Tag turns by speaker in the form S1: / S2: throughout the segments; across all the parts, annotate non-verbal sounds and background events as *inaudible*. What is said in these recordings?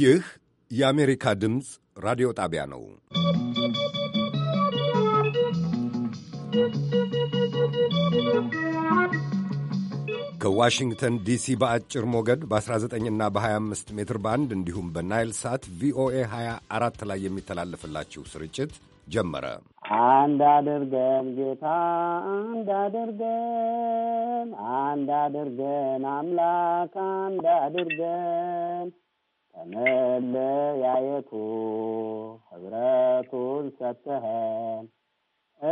S1: ይህ የአሜሪካ ድምፅ ራዲዮ ጣቢያ ነው። ከዋሽንግተን ዲሲ በአጭር ሞገድ በ19ና በ25 ሜትር ባንድ እንዲሁም በናይል ሳት ቪኦኤ 24 ላይ የሚተላለፍላችሁ ስርጭት ጀመረ።
S2: አንድ አድርገን ጌታ አንድ አድርገን አንድ አድርገን አምላክ አንድ አድርገን ከመለያየቱ ህብረቱን ሰጠኸን።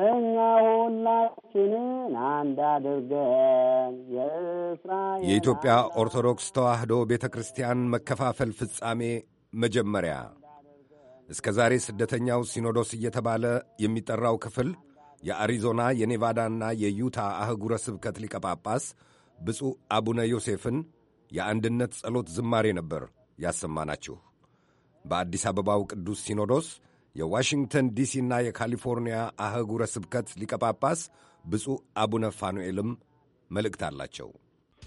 S2: እኛ ሁላችንን አንድ አድርገን የእስራኤል የኢትዮጵያ
S1: ኦርቶዶክስ ተዋህዶ ቤተ ክርስቲያን መከፋፈል ፍጻሜ መጀመሪያ እስከ ዛሬ ስደተኛው ሲኖዶስ እየተባለ የሚጠራው ክፍል የአሪዞና የኔቫዳና የዩታ አህጉረ ስብከት ሊቀ ጳጳስ ብፁዕ አቡነ ዮሴፍን የአንድነት ጸሎት ዝማሬ ነበር ያሰማናችሁ። በአዲስ አበባው ቅዱስ ሲኖዶስ የዋሽንግተን ዲሲና የካሊፎርኒያ አህጉረ ስብከት ሊቀ ጳጳስ ብፁዕ አቡነ ፋኑኤልም መልእክት አላቸው።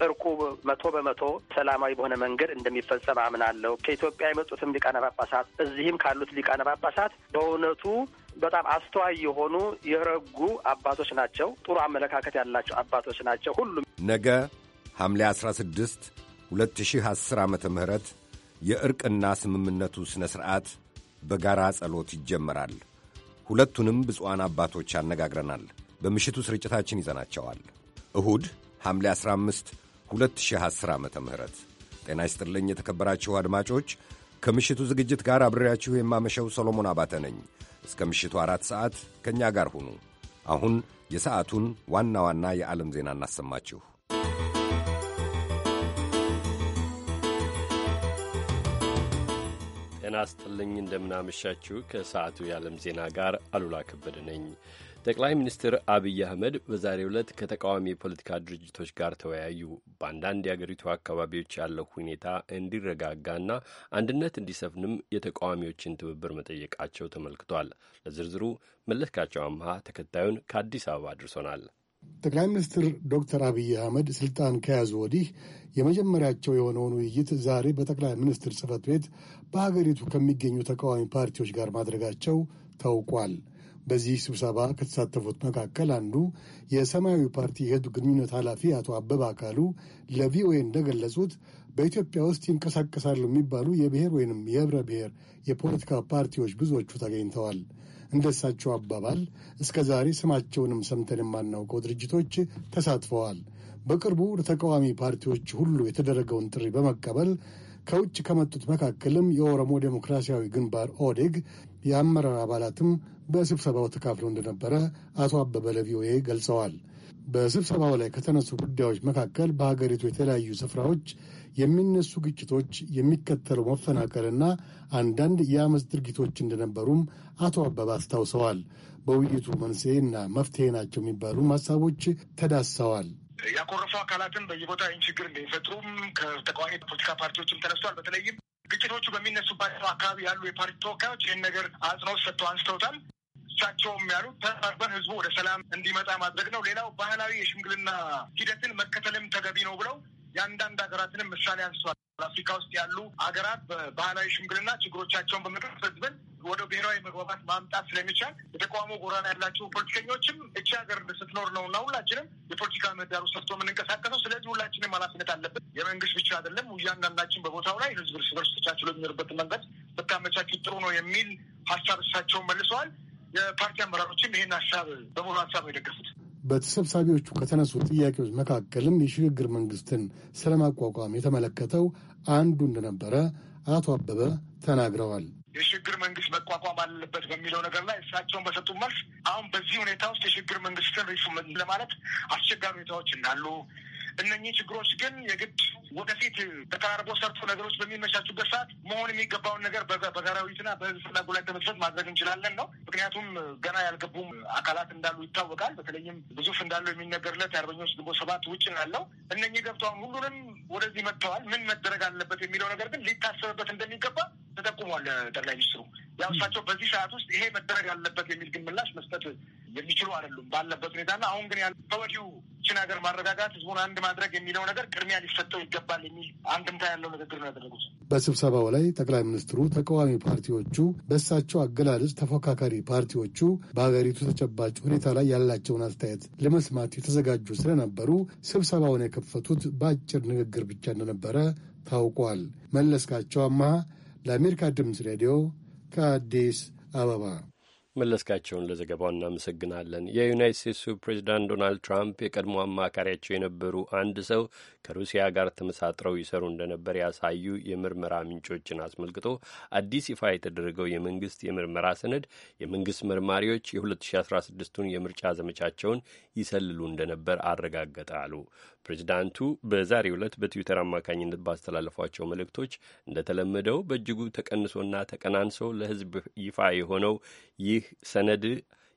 S3: እርቁ መቶ በመቶ ሰላማዊ በሆነ መንገድ እንደሚፈጸም አምናለሁ። ከኢትዮጵያ የመጡትም ሊቃነ ጳጳሳት እዚህም ካሉት ሊቃነ ጳጳሳት በእውነቱ በጣም አስተዋይ የሆኑ የረጉ አባቶች ናቸው። ጥሩ አመለካከት ያላቸው አባቶች ናቸው። ሁሉም
S1: ነገ ሐምሌ 16 2010 ዓመተ ም የእርቅና ስምምነቱ ሥነ ሥርዓት በጋራ ጸሎት ይጀመራል። ሁለቱንም ብፁዓን አባቶች አነጋግረናል። በምሽቱ ስርጭታችን ይዘናቸዋል። እሁድ ሐምሌ 15 2010 ዓ ም ጤና ይስጥልኝ የተከበራችሁ አድማጮች። ከምሽቱ ዝግጅት ጋር አብሬያችሁ የማመሸው ሰሎሞን አባተ ነኝ። እስከ ምሽቱ አራት ሰዓት ከእኛ ጋር ሁኑ። አሁን የሰዓቱን ዋና ዋና የዓለም ዜና እናሰማችሁ።
S4: ጤና ስጥልኝ። እንደምናመሻችሁ ከሰዓቱ የዓለም ዜና ጋር አሉላ ከበደ ነኝ። ጠቅላይ ሚኒስትር አብይ አህመድ በዛሬ ዕለት ከተቃዋሚ የፖለቲካ ድርጅቶች ጋር ተወያዩ። በአንዳንድ የአገሪቱ አካባቢዎች ያለው ሁኔታ እንዲረጋጋና አንድነት እንዲሰፍንም የተቃዋሚዎችን ትብብር መጠየቃቸው ተመልክቷል። ለዝርዝሩ መለስካቸው አምሃ ተከታዩን ከአዲስ አበባ አድርሶናል።
S5: ጠቅላይ ሚኒስትር ዶክተር አብይ አህመድ ስልጣን ከያዙ ወዲህ የመጀመሪያቸው የሆነውን ውይይት ዛሬ በጠቅላይ ሚኒስትር ጽህፈት ቤት በሀገሪቱ ከሚገኙ ተቃዋሚ ፓርቲዎች ጋር ማድረጋቸው ታውቋል። በዚህ ስብሰባ ከተሳተፉት መካከል አንዱ የሰማያዊ ፓርቲ የህዝብ ግንኙነት ኃላፊ አቶ አበበ አካሉ ለቪኦኤ እንደገለጹት በኢትዮጵያ ውስጥ ይንቀሳቀሳሉ የሚባሉ የብሔር ወይንም የህብረ ብሔር የፖለቲካ ፓርቲዎች ብዙዎቹ ተገኝተዋል። እንደሳቸው አባባል እስከ ዛሬ ስማቸውንም ሰምተን የማናውቀው ድርጅቶች ተሳትፈዋል። በቅርቡ ለተቃዋሚ ፓርቲዎች ሁሉ የተደረገውን ጥሪ በመቀበል ከውጭ ከመጡት መካከልም የኦሮሞ ዴሞክራሲያዊ ግንባር ኦዴግ የአመራር አባላትም በስብሰባው ተካፍለው እንደነበረ አቶ አበበ ለቪኦኤ ገልጸዋል። በስብሰባው ላይ ከተነሱ ጉዳዮች መካከል በሀገሪቱ የተለያዩ ስፍራዎች የሚነሱ ግጭቶች፣ የሚከተለው መፈናቀልና አንዳንድ የአመፅ ድርጊቶች እንደነበሩም አቶ አበባ አስታውሰዋል። በውይይቱ መንስኤና መፍትሄ ናቸው የሚባሉ ሀሳቦች ተዳሰዋል። ያኮረፉ አካላትን በየቦታ ይህን ችግር እንደሚፈጥሩም
S6: ከተቃዋሚ ፖለቲካ ፓርቲዎችም ተነስቷል። በተለይም ግጭቶቹ በሚነሱባቸው አካባቢ ያሉ የፓርቲ ተወካዮች ይህን ነገር አጽንኦት ሰጥተው አንስተውታል። እሳቸውም ያሉት ተባርበን ህዝቡ ወደ ሰላም እንዲመጣ ማድረግ ነው። ሌላው ባህላዊ የሽምግልና ሂደትን መከተልም ተገቢ ነው ብለው የአንዳንድ ሀገራትንም ምሳሌ አንስቷል። አፍሪካ ውስጥ ያሉ ሀገራት በባህላዊ ሽምግልና ችግሮቻቸውን በምክር ወደ ብሔራዊ መግባባት ማምጣት ስለሚቻል የተቃውሞ ጎራና ያላቸው ፖለቲከኞችም እቺ ሀገር ስትኖር ነው እና ሁላችንም የፖለቲካ ምህዳሩ ሰፍቶ የምንንቀሳቀሰው። ስለዚህ ሁላችንም ኃላፊነት አለብን። የመንግስት ብቻ አይደለም። እያንዳንዳችን በቦታው ላይ ህዝብ እርስ በርስ ተቻችሎ የሚኖርበት መንገድ ብታመቻቹ ጥሩ ነው የሚል ሀሳብ እሳቸውን መልሰዋል። የፓርቲ አመራሮችም ይህን ሀሳብ በሙሉ ሀሳብ ነው የደገፉት።
S5: በተሰብሳቢዎቹ ከተነሱ ጥያቄዎች መካከልም የሽግግር መንግስትን ስለማቋቋም የተመለከተው አንዱ እንደነበረ አቶ አበበ ተናግረዋል። የሽግግር መንግስት መቋቋም አለበት በሚለው
S6: ነገር ላይ እሳቸውን በሰጡ መልስ አሁን በዚህ ሁኔታ ውስጥ የሽግግር መንግስትን ሪፉ ለማለት አስቸጋሪ ሁኔታዎች እንዳሉ እነኚህ ችግሮች ግን የግድ ወደፊት ተቀራርቦ ሰርቶ ነገሮች በሚመቻቹበት ሰዓት መሆን የሚገባውን ነገር በጋራዊትና ውይይትና በህዝብ ፍላጎት ላይ ተመስረት ማድረግ እንችላለን ነው። ምክንያቱም ገና ያልገቡም አካላት እንዳሉ ይታወቃል። በተለይም ግዙፍ እንዳለው የሚነገርለት የአርበኞች ግንቦት ሰባት ውጭ ናለው እነኚህ ገብተዋል። ሁሉንም ወደዚህ መጥተዋል። ምን መደረግ አለበት የሚለው ነገር ግን ሊታሰብበት እንደሚገባ ተጠቁሟል ጠቅላይ ሚኒስትሩ። ያው እሳቸው በዚህ ሰዓት ውስጥ ይሄ መደረግ አለበት የሚል ግን ምላሽ መስጠት የሚችሉ አይደሉም ባለበት ሁኔታና አሁን ግን ያለ ችን ሀገር ማረጋጋት ህዝቡን አንድ ማድረግ የሚለው ነገር ቅድሚያ ሊሰጠው ይገባል የሚል
S5: አንድምታ ያለው ንግግር ነው ያደረጉት። በስብሰባው ላይ ጠቅላይ ሚኒስትሩ ተቃዋሚ ፓርቲዎቹ በእሳቸው አገላለጽ ተፎካካሪ ፓርቲዎቹ በሀገሪቱ ተጨባጭ ሁኔታ ላይ ያላቸውን አስተያየት ለመስማት የተዘጋጁ ስለነበሩ ስብሰባውን የከፈቱት በአጭር ንግግር ብቻ እንደነበረ ታውቋል። መለስካቸው አማሃ ለአሜሪካ ድምፅ ሬዲዮ ከአዲስ አበባ
S4: መለስካቸውን ለዘገባው እናመሰግናለን። የዩናይት ስቴትሱ ፕሬዚዳንት ዶናልድ ትራምፕ የቀድሞ አማካሪያቸው የነበሩ አንድ ሰው ከሩሲያ ጋር ተመሳጥረው ይሰሩ እንደነበር ያሳዩ የምርመራ ምንጮችን አስመልክቶ አዲስ ይፋ የተደረገው የመንግስት የምርመራ ሰነድ የመንግስት መርማሪዎች የ2016ቱን የምርጫ ዘመቻቸውን ይሰልሉ እንደነበር አረጋገጠ አሉ። ፕሬዚዳንቱ በዛሬው ዕለት በትዊተር አማካኝነት ባስተላለፏቸው መልእክቶች እንደተለመደው በእጅጉ ተቀንሶና ተቀናንሶ ለሕዝብ ይፋ የሆነው ይህ ሰነድ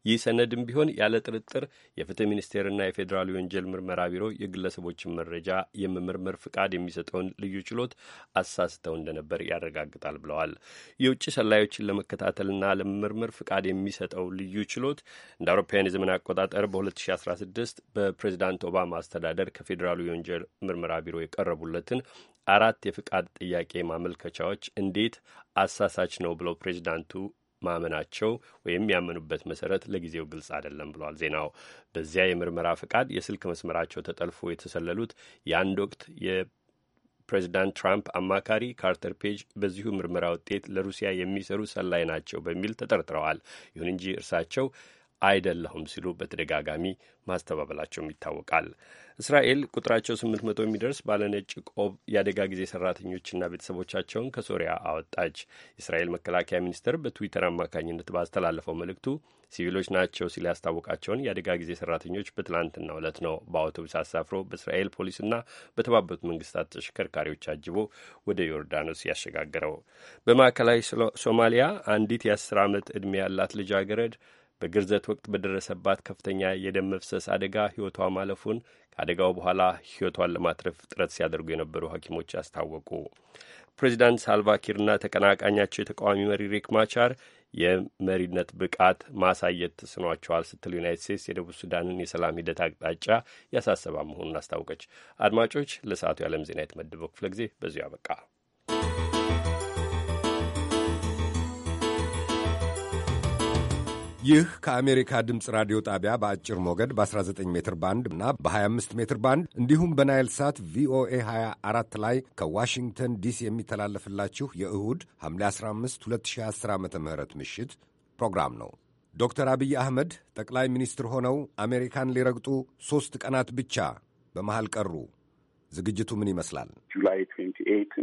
S4: ይህ ሰነድም ቢሆን ያለ ጥርጥር የፍትህ ሚኒስቴርና የፌዴራል ወንጀል ምርመራ ቢሮ የግለሰቦችን መረጃ የመመርመር ፍቃድ የሚሰጠውን ልዩ ችሎት አሳስተው እንደነበር ያረጋግጣል ብለዋል። የውጭ ሰላዮችን ለመከታተልና ለመመርመር ፍቃድ የሚሰጠው ልዩ ችሎት እንደ አውሮፓውያን የዘመን አቆጣጠር በ2016 በፕሬዚዳንት ኦባማ አስተዳደር ከፌዴራሉ የወንጀል ምርመራ ቢሮ የቀረቡለትን አራት የፍቃድ ጥያቄ ማመልከቻዎች እንዴት አሳሳች ነው ብለው ፕሬዚዳንቱ ማመናቸው ወይም ያመኑበት መሰረት ለጊዜው ግልጽ አይደለም ብሏል ዜናው። በዚያ የምርመራ ፈቃድ የስልክ መስመራቸው ተጠልፎ የተሰለሉት የአንድ ወቅት የፕሬዚዳንት ትራምፕ አማካሪ ካርተር ፔጅ በዚሁ ምርመራ ውጤት ለሩሲያ የሚሰሩ ሰላይ ናቸው በሚል ተጠርጥረዋል። ይሁን እንጂ እርሳቸው አይደለሁም ሲሉ በተደጋጋሚ ማስተባበላቸውም ይታወቃል። እስራኤል ቁጥራቸው ስምንት መቶ የሚደርስ ባለነጭ ቆብ የአደጋ ጊዜ ሰራተኞችና ቤተሰቦቻቸውን ከሶሪያ አወጣች። የእስራኤል መከላከያ ሚኒስቴር በትዊተር አማካኝነት ባስተላለፈው መልእክቱ ሲቪሎች ናቸው ሲል ያስታወቃቸውን የአደጋ ጊዜ ሰራተኞች በትላንትና ዕለት ነው በአውቶቡስ አሳፍሮ በእስራኤል ፖሊስና በተባበሩት መንግስታት ተሽከርካሪዎች አጅቦ ወደ ዮርዳኖስ ያሸጋገረው። በማዕከላዊ ሶማሊያ አንዲት የአስር ዓመት ዕድሜ ያላት ልጃገረድ በግርዘት ወቅት በደረሰባት ከፍተኛ የደም መፍሰስ አደጋ ሕይወቷ ማለፉን ከአደጋው በኋላ ሕይወቷን ለማትረፍ ጥረት ሲያደርጉ የነበሩ ሐኪሞች አስታወቁ። ፕሬዚዳንት ሳልቫኪርና ተቀናቃኛቸው የተቃዋሚ መሪ ሪክ ማቻር የመሪነት ብቃት ማሳየት ተስኗቸዋል ስትል ዩናይት ስቴትስ የደቡብ ሱዳንን የሰላም ሂደት አቅጣጫ ያሳሰባ መሆኑን አስታወቀች። አድማጮች፣ ለሰዓቱ የዓለም ዜና የተመደበው ክፍለ ጊዜ በዚሁ አበቃ። ይህ ከአሜሪካ
S1: ድምፅ ራዲዮ ጣቢያ በአጭር ሞገድ በ19 ሜትር ባንድ እና በ25 ሜትር ባንድ እንዲሁም በናይል ሳት ቪኦኤ 24 ላይ ከዋሽንግተን ዲሲ የሚተላለፍላችሁ የእሁድ ሐምሌ 15 2010 ዓ ም ምሽት ፕሮግራም ነው። ዶክተር አብይ አህመድ ጠቅላይ ሚኒስትር ሆነው አሜሪካን ሊረግጡ ሦስት ቀናት ብቻ በመሃል ቀሩ። ዝግጅቱ ምን ይመስላል?
S7: ጁላይ ኤይት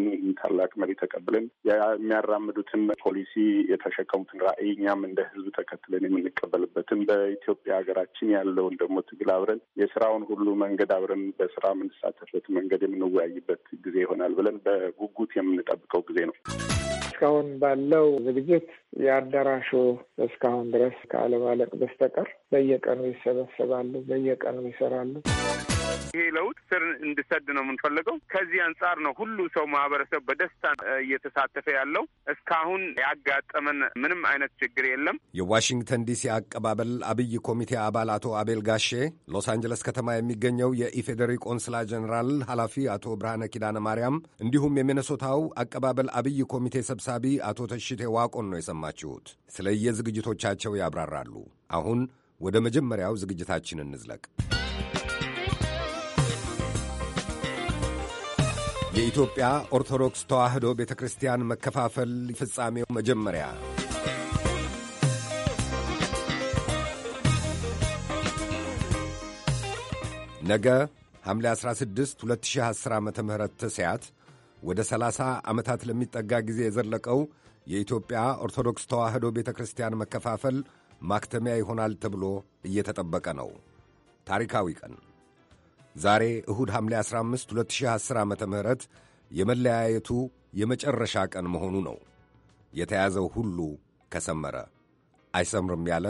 S7: ታላቅ መሪ ተቀብለን የሚያራምዱትን ፖሊሲ የተሸከሙትን ራዕይ እኛም እንደ ህዝብ ተከትለን የምንቀበልበትን በኢትዮጵያ ሀገራችን ያለውን ደግሞ ትግል አብረን የስራውን ሁሉ መንገድ አብረን በስራ የምንሳተፍበት መንገድ የምንወያይበት ጊዜ ይሆናል ብለን በጉጉት የምንጠብቀው ጊዜ ነው።
S6: እስካሁን ባለው ዝግጅት የአዳራሹ እስካሁን ድረስ ከአለባለቅ በስተቀር በየቀኑ ይሰበሰባሉ፣ በየቀኑ ይሰራሉ።
S8: ይሄ ለውጥ ስር እንዲሰድ ነው የምንፈልገው። ከዚህ አንጻር ነው ሁሉ ሰው ማህበረሰብ በደስታ እየተሳተፈ ያለው። እስካሁን ያጋጠመን ምንም አይነት ችግር የለም።
S1: የዋሽንግተን ዲሲ አቀባበል አብይ ኮሚቴ አባል አቶ አቤል ጋሼ፣ ሎስ አንጀለስ ከተማ የሚገኘው የኢፌዴሪ ቆንስላ ጀኔራል ኃላፊ አቶ ብርሃነ ኪዳነ ማርያም እንዲሁም የሚነሶታው አቀባበል አብይ ኮሚቴ ሰብሳቢ አቶ ተሽቴ ዋቆን ነው የሰማችሁት። ስለየዝግጅቶቻቸው ያብራራሉ። አሁን ወደ መጀመሪያው ዝግጅታችን እንዝለቅ። የኢትዮጵያ ኦርቶዶክስ ተዋሕዶ ቤተ ክርስቲያን መከፋፈል ፍጻሜው መጀመሪያ ነገ ሐምሌ 16 2010 ዓ ም ተስያት ወደ 30 ዓመታት ለሚጠጋ ጊዜ የዘለቀው የኢትዮጵያ ኦርቶዶክስ ተዋሕዶ ቤተ ክርስቲያን መከፋፈል ማክተሚያ ይሆናል ተብሎ እየተጠበቀ ነው። ታሪካዊ ቀን ዛሬ እሁድ ሐምሌ 15 2010 ዓ ም የመለያየቱ የመጨረሻ ቀን መሆኑ ነው። የተያዘው ሁሉ ከሰመረ አይሰምርም ያለ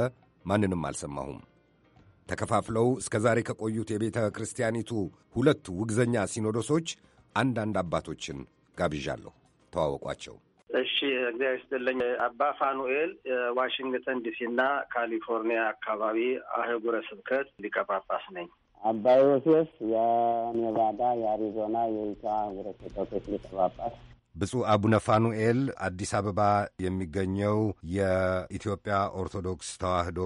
S1: ማንንም አልሰማሁም። ተከፋፍለው እስከ ዛሬ ከቆዩት የቤተ ክርስቲያኒቱ ሁለት ውግዘኛ ሲኖዶሶች አንዳንድ አባቶችን ጋብዣለሁ። ተዋወቋቸው።
S3: እሺ፣ እግዚአብሔር ይስጥልኝ። አባ ፋኑኤል ዋሽንግተን ዲሲ እና ካሊፎርኒያ አካባቢ አህጉረ ስብከት ሊቀ ጳጳስ ነኝ።
S2: አባይ ወሴስ የኔቫዳ፣ የአሪዞና የዩታ ሀገረ
S1: ስብከቶች ሊቀ ጳጳስ ብፁዕ አቡነ ፋኑኤል አዲስ አበባ የሚገኘው የኢትዮጵያ ኦርቶዶክስ ተዋሕዶ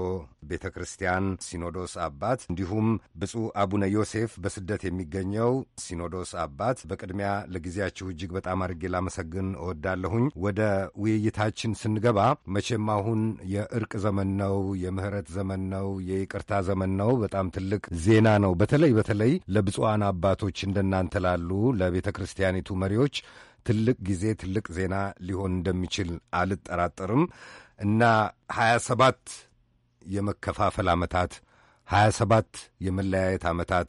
S1: ቤተ ክርስቲያን ሲኖዶስ አባት እንዲሁም ብፁዕ አቡነ ዮሴፍ በስደት የሚገኘው ሲኖዶስ አባት፣ በቅድሚያ ለጊዜያችሁ እጅግ በጣም አድርጌ ላመሰግን እወዳለሁኝ። ወደ ውይይታችን ስንገባ መቼም አሁን የእርቅ ዘመን ነው፣ የምህረት ዘመን ነው፣ የይቅርታ ዘመን ነው። በጣም ትልቅ ዜና ነው። በተለይ በተለይ ለብፁዓን አባቶች እንደናንተ ላሉ ለቤተ ክርስቲያኒቱ መሪዎች ትልቅ ጊዜ ትልቅ ዜና ሊሆን እንደሚችል አልጠራጠርም እና ሀያ ሰባት የመከፋፈል ዓመታት፣ ሀያ ሰባት የመለያየት ዓመታት፣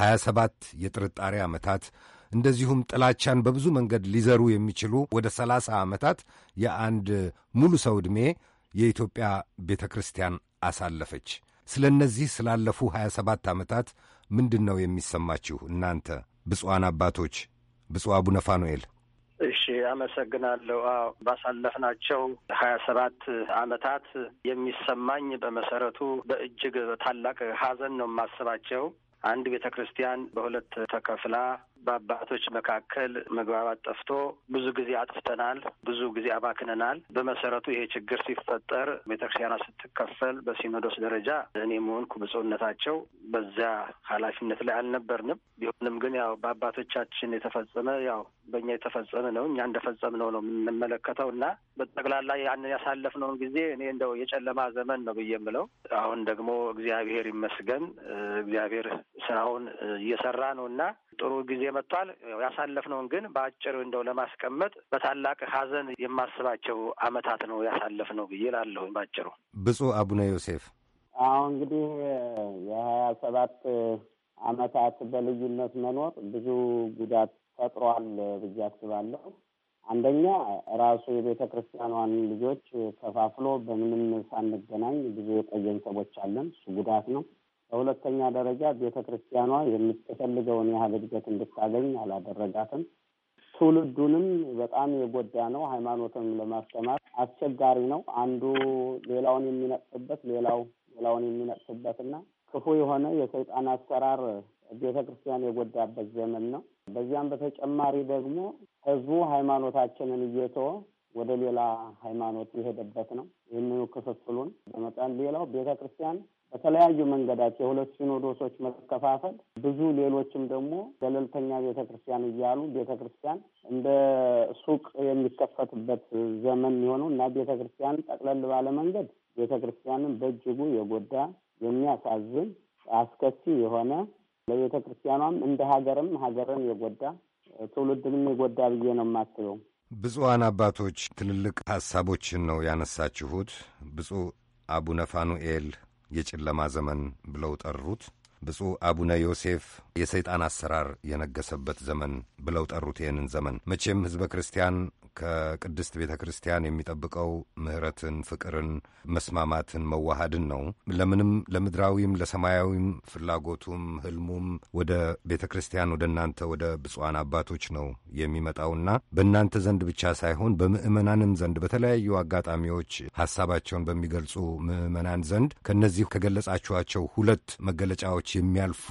S1: ሀያ ሰባት የጥርጣሬ ዓመታት እንደዚሁም ጥላቻን በብዙ መንገድ ሊዘሩ የሚችሉ ወደ ሰላሳ ዓመታት የአንድ ሙሉ ሰው ዕድሜ የኢትዮጵያ ቤተ ክርስቲያን አሳለፈች። ስለ እነዚህ ስላለፉ 27 ዓመታት ምንድን ነው የሚሰማችሁ እናንተ ብፁዓን አባቶች? ብፁዕ አቡነ ፋኑኤል
S3: እሺ አመሰግናለሁ። አዎ ባሳለፍናቸው ሀያ ሰባት አመታት የሚሰማኝ በመሰረቱ በእጅግ ታላቅ ሀዘን ነው የማስባቸው። አንድ ቤተ ክርስቲያን በሁለት ተከፍላ በአባቶች መካከል መግባባት ጠፍቶ ብዙ ጊዜ አጥፍተናል፣ ብዙ ጊዜ አባክነናል። በመሰረቱ ይሄ ችግር ሲፈጠር ቤተክርስቲያኗ ስትከፈል በሲኖዶስ ደረጃ እኔ መሆንኩ ብፁዕነታቸው በዚያ ኃላፊነት ላይ አልነበርንም። ቢሆንም ግን ያው በአባቶቻችን የተፈጸመ ያው በእኛ የተፈጸመ ነው። እኛ እንደፈጸምነው ነው የምንመለከተው እና በጠቅላላ ያንን ያሳለፍነውን ጊዜ እኔ እንደው የጨለማ ዘመን ነው ብዬ የምለው። አሁን ደግሞ እግዚአብሔር ይመስገን እግዚአብሔር ስራውን እየሰራ ነው እና ጥሩ ጊዜ መጥቷል። ያሳለፍነውን ግን በአጭር እንደው ለማስቀመጥ በታላቅ ሐዘን የማስባቸው አመታት ነው ያሳለፍነው ብዬ እላለሁ ባጭሩ።
S1: ብፁዕ አቡነ ዮሴፍ
S3: አሁን እንግዲህ
S2: የሀያ ሰባት አመታት በልዩነት መኖር ብዙ ጉዳት ፈጥሯል ብዬ አስባለሁ። አንደኛ ራሱ የቤተ ክርስቲያኗን ልጆች ከፋፍሎ በምንም ሳንገናኝ ብዙ የቆየን ሰዎች አለን። እሱ ጉዳት ነው። በሁለተኛ ደረጃ ቤተ ክርስቲያኗ የምትፈልገውን ያህል እድገት እንድታገኝ አላደረጋትም።
S3: ትውልዱንም
S2: በጣም የጎዳ ነው። ሃይማኖትም ለማስተማር አስቸጋሪ ነው። አንዱ ሌላውን የሚነቅስበት ሌላው ሌላውን የሚነቅስበት ክፉ የሆነ የሰይጣን አሰራር ቤተ ክርስቲያን የጎዳበት ዘመን ነው። በዚያም በተጨማሪ ደግሞ ህዝቡ ሃይማኖታችንን እየቶ ወደ ሌላ ሃይማኖት የሄደበት ነው። ይህንኑ ክፍፍሉን በመጣን ሌላው ቤተ ክርስቲያን በተለያዩ መንገዳት የሁለት ሲኖዶሶች መከፋፈል ብዙ ሌሎችም ደግሞ ገለልተኛ ቤተ ክርስቲያን እያሉ ቤተ ክርስቲያን እንደ ሱቅ የሚከፈትበት ዘመን የሆነው እና ቤተ ክርስቲያን ጠቅለል ባለ መንገድ ቤተ ክርስቲያንን በእጅጉ የጎዳ የሚያሳዝን አስከፊ የሆነ ለቤተ ክርስቲያኗም እንደ ሀገርም ሀገርን የጎዳ ትውልድንም የጎዳ ብዬ ነው የማስበው።
S1: ብፁዓን አባቶች ትልልቅ ሀሳቦችን ነው ያነሳችሁት። ብፁዕ አቡነ ፋኑኤል የጨለማ ዘመን ብለው ጠሩት። ብፁዕ አቡነ ዮሴፍ የሰይጣን አሰራር የነገሰበት ዘመን ብለው ጠሩት። ይህንን ዘመን መቼም ሕዝበ ክርስቲያን ከቅድስት ቤተ ክርስቲያን የሚጠብቀው ምሕረትን፣ ፍቅርን፣ መስማማትን፣ መዋሃድን ነው። ለምንም ለምድራዊም ለሰማያዊም ፍላጎቱም ህልሙም ወደ ቤተ ክርስቲያን ወደ እናንተ ወደ ብፁዓን አባቶች ነው የሚመጣውና በእናንተ ዘንድ ብቻ ሳይሆን በምዕመናንም ዘንድ በተለያዩ አጋጣሚዎች ሀሳባቸውን በሚገልጹ ምዕመናን ዘንድ ከእነዚህ ከገለጻችኋቸው ሁለት መገለጫዎች ሰዎች የሚያልፉ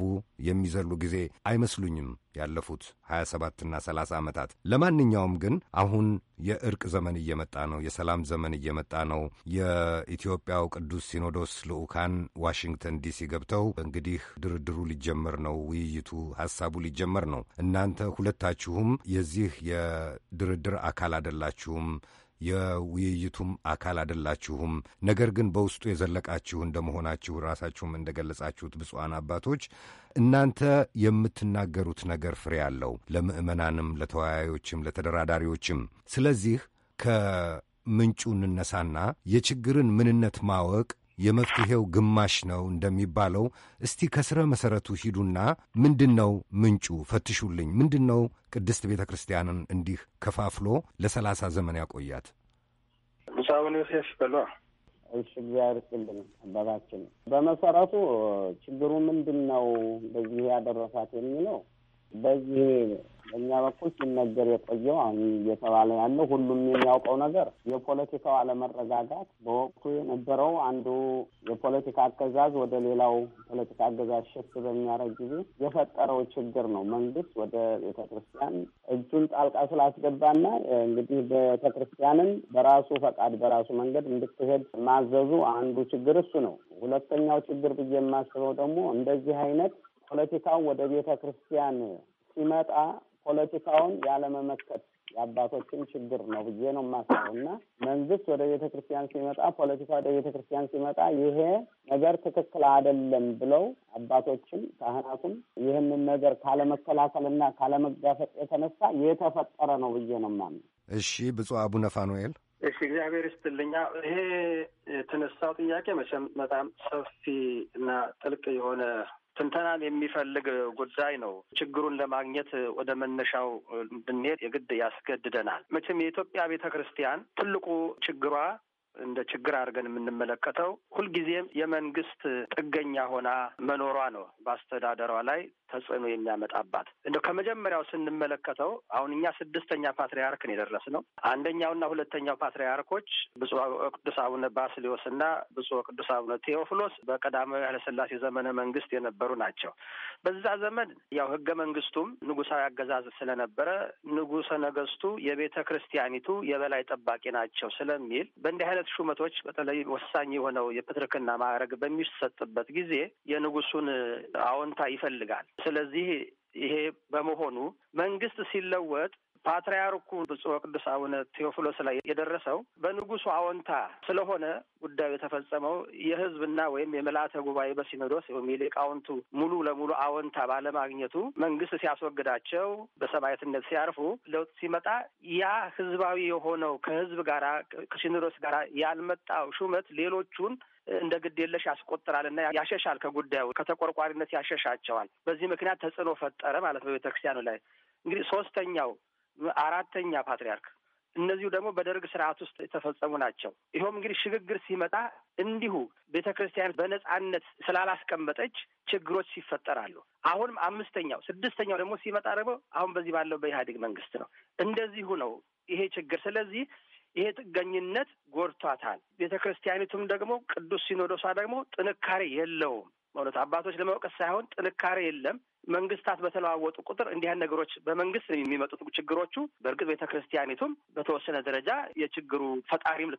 S1: የሚዘሉ ጊዜ አይመስሉኝም ያለፉት 27ና 30 ዓመታት። ለማንኛውም ግን አሁን የእርቅ ዘመን እየመጣ ነው። የሰላም ዘመን እየመጣ ነው። የኢትዮጵያው ቅዱስ ሲኖዶስ ልዑካን ዋሽንግተን ዲሲ ገብተው እንግዲህ ድርድሩ ሊጀመር ነው፣ ውይይቱ ሐሳቡ ሊጀመር ነው። እናንተ ሁለታችሁም የዚህ የድርድር አካል አይደላችሁም የውይይቱም አካል አይደላችሁም። ነገር ግን በውስጡ የዘለቃችሁ እንደመሆናችሁ ራሳችሁም እንደገለጻችሁት ብፁዓን አባቶች እናንተ የምትናገሩት ነገር ፍሬ አለው ለምእመናንም ለተወያዮችም፣ ለተደራዳሪዎችም። ስለዚህ ከምንጩ እንነሳና የችግርን ምንነት ማወቅ የመፍትሔው ግማሽ ነው እንደሚባለው እስቲ ከሥረ መሠረቱ ሂዱና ምንድን ነው ምንጩ ፈትሹልኝ። ምንድን ነው ቅድስት ቤተ ክርስቲያንን እንዲህ ከፋፍሎ ለሰላሳ ዘመን ያቆያት?
S2: ብፁዕ ዮሴፍ በሏ። እሺ፣ እግዚአብሔር ይስጥልን አባባችን። በመሠረቱ ችግሩ ምንድን ነው በዚህ ያደረሳት የሚለው በዚህ በእኛ በኩል ሲነገር የቆየው አሁን እየተባለ ያለው ሁሉም የሚያውቀው ነገር የፖለቲካው አለመረጋጋት በወቅቱ የነበረው አንዱ የፖለቲካ አገዛዝ ወደ ሌላው ፖለቲካ አገዛዝ ሽፍት በሚያደርግ ጊዜ የፈጠረው ችግር ነው። መንግስት ወደ ቤተ ክርስቲያን እጁን ጣልቃ ስላስገባና እንግዲህ ቤተ ክርስቲያንን በራሱ ፈቃድ በራሱ መንገድ እንድትሄድ ማዘዙ አንዱ ችግር እሱ ነው። ሁለተኛው ችግር ብዬ የማስበው ደግሞ እንደዚህ አይነት ፖለቲካው ወደ ቤተ ክርስቲያን ሲመጣ ፖለቲካውን ያለመመከት የአባቶችን ችግር ነው ብዬ ነው የማስበው እና መንግስት ወደ ቤተ ክርስቲያን ሲመጣ ፖለቲካ ወደ ቤተ ክርስቲያን ሲመጣ ይሄ ነገር ትክክል አይደለም ብለው አባቶችም ካህናቱም ይህንን ነገር ካለመከላከልና ካለመጋፈጥ የተነሳ የተፈጠረ ነው ብዬ ነው የማምነው።
S1: እሺ፣ ብፁዕ አቡነ ፋኑኤል።
S3: እሺ፣ እግዚአብሔር ይስጥልኛ። ይሄ የተነሳው ጥያቄ መቼም በጣም ሰፊ እና ጥልቅ የሆነ ትንተናን የሚፈልግ ጉዳይ ነው። ችግሩን ለማግኘት ወደ መነሻው እንድንሄድ የግድ ያስገድደናል። መቼም የኢትዮጵያ ቤተ ክርስቲያን ትልቁ ችግሯ እንደ ችግር አድርገን የምንመለከተው ሁልጊዜም የመንግስት ጥገኛ ሆና መኖሯ ነው። በአስተዳደሯ ላይ ተጽዕኖ የሚያመጣባት እንደ ከመጀመሪያው ስንመለከተው አሁን እኛ ስድስተኛ የደረስ ነው አንደኛውና ሁለተኛው ፓትርያርኮች ብፁዕ ቅዱስ አቡነ ባስሊዮስ እና ብፁዕ ቅዱስ አቡነ ቴዎፍሎስ በቀዳማዊ ኃይለሥላሴ ዘመነ መንግስት የነበሩ ናቸው። በዛ ዘመን ያው ህገ መንግስቱም ንጉሳዊ አገዛዝ ስለነበረ ንጉሰ ነገስቱ የቤተ ክርስቲያኒቱ የበላይ ጠባቂ ናቸው ስለሚል በእንዲህ አይነት የሹመት ሹመቶች በተለይ ወሳኝ የሆነው የፕትርክና ማዕረግ በሚሰጥበት ጊዜ የንጉሱን አዎንታ ይፈልጋል። ስለዚህ ይሄ በመሆኑ መንግስት ሲለወጥ ፓትርያርኩ ብፁዕ ቅዱስ አቡነ ቴዎፍሎስ ላይ የደረሰው በንጉሱ አዎንታ ስለሆነ ጉዳዩ የተፈጸመው የህዝብና ወይም የመላተ ጉባኤ በሲኖዶስ ወይም የሊቃውንቱ ሙሉ ለሙሉ አዎንታ ባለማግኘቱ መንግስት ሲያስወግዳቸው በሰማዕትነት ሲያርፉ ለውጥ ሲመጣ ያ ህዝባዊ የሆነው ከህዝብ ጋራ ከሲኖዶስ ጋራ ያልመጣው ሹመት ሌሎቹን እንደ ግድ የለሽ እና ያሸሻል፣ ከጉዳዩ ከተቆርቋሪነት ያሸሻቸዋል። በዚህ ምክንያት ተጽዕኖ ፈጠረ ማለት በቤተክርስቲያኑ ላይ እንግዲህ ሶስተኛው አራተኛ ፓትሪያርክ እነዚሁ ደግሞ በደርግ ስርዓት ውስጥ የተፈጸሙ ናቸው። ይኸውም እንግዲህ ሽግግር ሲመጣ እንዲሁ ቤተ ክርስቲያን በነጻነት ስላላስቀመጠች ችግሮች ይፈጠራሉ። አሁንም አምስተኛው ስድስተኛው ደግሞ ሲመጣ ደግሞ አሁን በዚህ ባለው በኢህአዴግ መንግስት ነው። እንደዚሁ ነው ይሄ ችግር። ስለዚህ ይሄ ጥገኝነት ጎድቷታል። ቤተ ክርስቲያኒቱም ደግሞ ቅዱስ ሲኖዶሷ ደግሞ ጥንካሬ የለውም። እውነት አባቶች ለመውቀስ ሳይሆን ጥንካሬ የለም መንግስታት በተለዋወጡ ቁጥር እንዲህን ነገሮች በመንግስት የሚመጡት ችግሮቹ በእርግጥ ቤተ ክርስቲያኒቱም በተወሰነ ደረጃ የችግሩ ፈጣሪም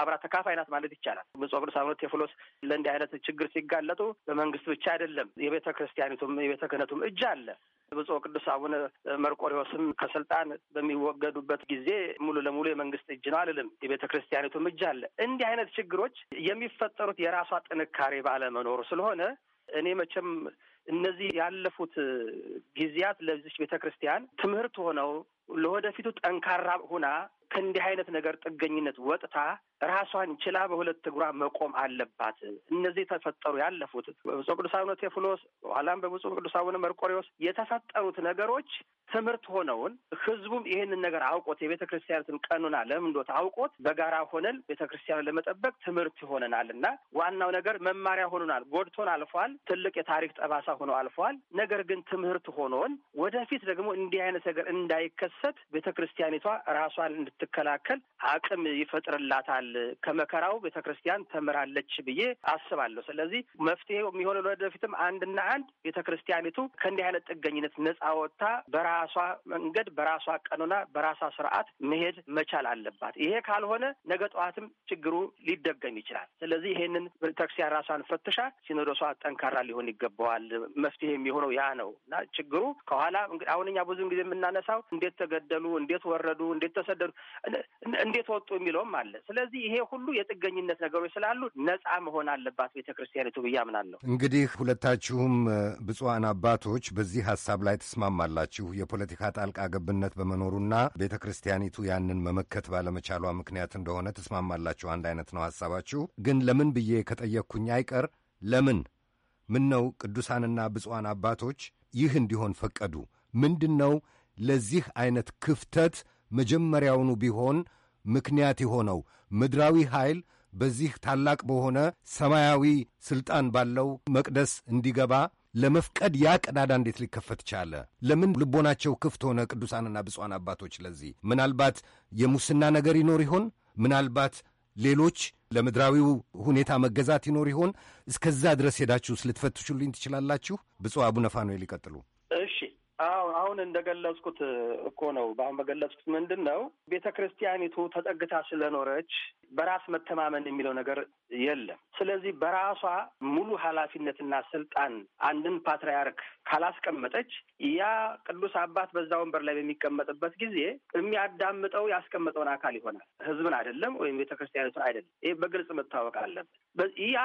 S3: አብራ ተካፋይ ናት ማለት ይቻላል። ብፁዕ ቅዱስ አቡነ ቴዎፍሎስ ለእንዲህ አይነት ችግር ሲጋለጡ በመንግስት ብቻ አይደለም፣ የቤተ ክርስቲያኒቱም የቤተ ክህነቱም እጅ አለ። ብፁዕ ቅዱስ አቡነ መርቆሪዎስም ከስልጣን በሚወገዱበት ጊዜ ሙሉ ለሙሉ የመንግስት እጅ ነው አልልም፣ የቤተ ክርስቲያኒቱም እጅ አለ። እንዲህ አይነት ችግሮች የሚፈጠሩት የራሷ ጥንካሬ ባለመኖሩ ስለሆነ እኔ መቼም እነዚህ ያለፉት ጊዜያት ለዚች ቤተ ክርስቲያን ትምህርት ሆነው ለወደፊቱ ጠንካራ ሁና ከእንዲህ አይነት ነገር ጥገኝነት ወጥታ ራሷን ችላ በሁለት እግሯ መቆም አለባት። እነዚህ የተፈጠሩ ያለፉት በብፁዕ ቅዱስ አቡነ ቴዎፍሎስ ኋላም በብፁዕ ቅዱስ አቡነ መርቆሪዎስ የተፈጠሩት ነገሮች ትምህርት ሆነውን ህዝቡም ይህንን ነገር አውቆት የቤተ ክርስቲያንትን ቀኑና ለምንዶት አውቆት በጋራ ሆነን ቤተ ክርስቲያንን ለመጠበቅ ትምህርት ይሆነናል እና ዋናው ነገር መማሪያ ሆኖናል። ጎድቶን አልፏል። ትልቅ የታሪክ ጠባሳ ሆኖ አልፏል። ነገር ግን ትምህርት ሆኖን ወደፊት ደግሞ እንዲህ አይነት ነገር እንዳይከሰት እንዳይከሰት ቤተ ክርስቲያኒቷ ራሷን እንድትከላከል አቅም ይፈጥርላታል። ከመከራው ቤተ ክርስቲያን ተምራለች ብዬ አስባለሁ። ስለዚህ መፍትሄ የሚሆነው ለወደፊትም አንድና አንድ ቤተ ክርስቲያኒቱ ከእንዲህ አይነት ጥገኝነት ነጻ ወጥታ በራሷ መንገድ በራሷ ቀኖና በራሷ ስርዓት መሄድ መቻል አለባት። ይሄ ካልሆነ ነገ ጠዋትም ችግሩ ሊደገም ይችላል። ስለዚህ ይሄንን ቤተክርስቲያን ራሷን ፈትሻ ሲኖዶሷ ጠንካራ ሊሆን ይገባዋል። መፍትሄ የሚሆነው ያ ነው እና ችግሩ ከኋላ አሁን እኛ ብዙውን ጊዜ የምናነሳው እንዴት ተገደሉ፣ እንዴት ወረዱ፣ እንዴት ተሰደዱ፣ እንዴት ወጡ የሚለውም አለ። ስለዚህ ይሄ ሁሉ የጥገኝነት ነገሮች ስላሉ ነጻ መሆን አለባት ቤተ ክርስቲያኒቱ ብዬ
S1: አምናለሁ። እንግዲህ ሁለታችሁም ብፁዓን አባቶች በዚህ ሀሳብ ላይ ትስማማላችሁ። የፖለቲካ ጣልቃ ገብነት በመኖሩና ቤተ ክርስቲያኒቱ ያንን መመከት ባለመቻሏ ምክንያት እንደሆነ ትስማማላችሁ። አንድ አይነት ነው ሀሳባችሁ። ግን ለምን ብዬ ከጠየቅኩኝ አይቀር ለምን ምን ነው ቅዱሳንና ብፁዓን አባቶች ይህ እንዲሆን ፈቀዱ? ምንድን ነው ለዚህ ዐይነት ክፍተት መጀመሪያውኑ ቢሆን ምክንያት የሆነው ምድራዊ ኃይል በዚህ ታላቅ በሆነ ሰማያዊ ሥልጣን ባለው መቅደስ እንዲገባ ለመፍቀድ ያ ቀዳዳ እንዴት ሊከፈት ቻለ? ለምን ልቦናቸው ክፍት ሆነ? ቅዱሳንና ብፁዓን አባቶች ለዚህ ምናልባት የሙስና ነገር ይኖር ይሆን? ምናልባት ሌሎች ለምድራዊው ሁኔታ መገዛት ይኖር ይሆን? እስከዛ ድረስ ሄዳችሁስ ልትፈትሹልኝ ትችላላችሁ? ብፁዕ አቡነ ይቀጥሉ።
S5: እሺ አዎ አሁን
S3: እንደገለጽኩት እኮ ነው። በአሁን በገለጽኩት ምንድን ነው ቤተ ክርስቲያኒቱ ተጠግታ ስለኖረች በራስ መተማመን የሚለው ነገር የለም። ስለዚህ በራሷ ሙሉ ኃላፊነትና ስልጣን አንድን ፓትርያርክ ካላስቀመጠች ያ ቅዱስ አባት በዛ ወንበር ላይ በሚቀመጥበት ጊዜ የሚያዳምጠው ያስቀመጠውን አካል ይሆናል። ህዝብን አይደለም ወይም ቤተ ክርስቲያኒቱን አይደለም። ይህ በግልጽ መታወቅ አለበት። ያ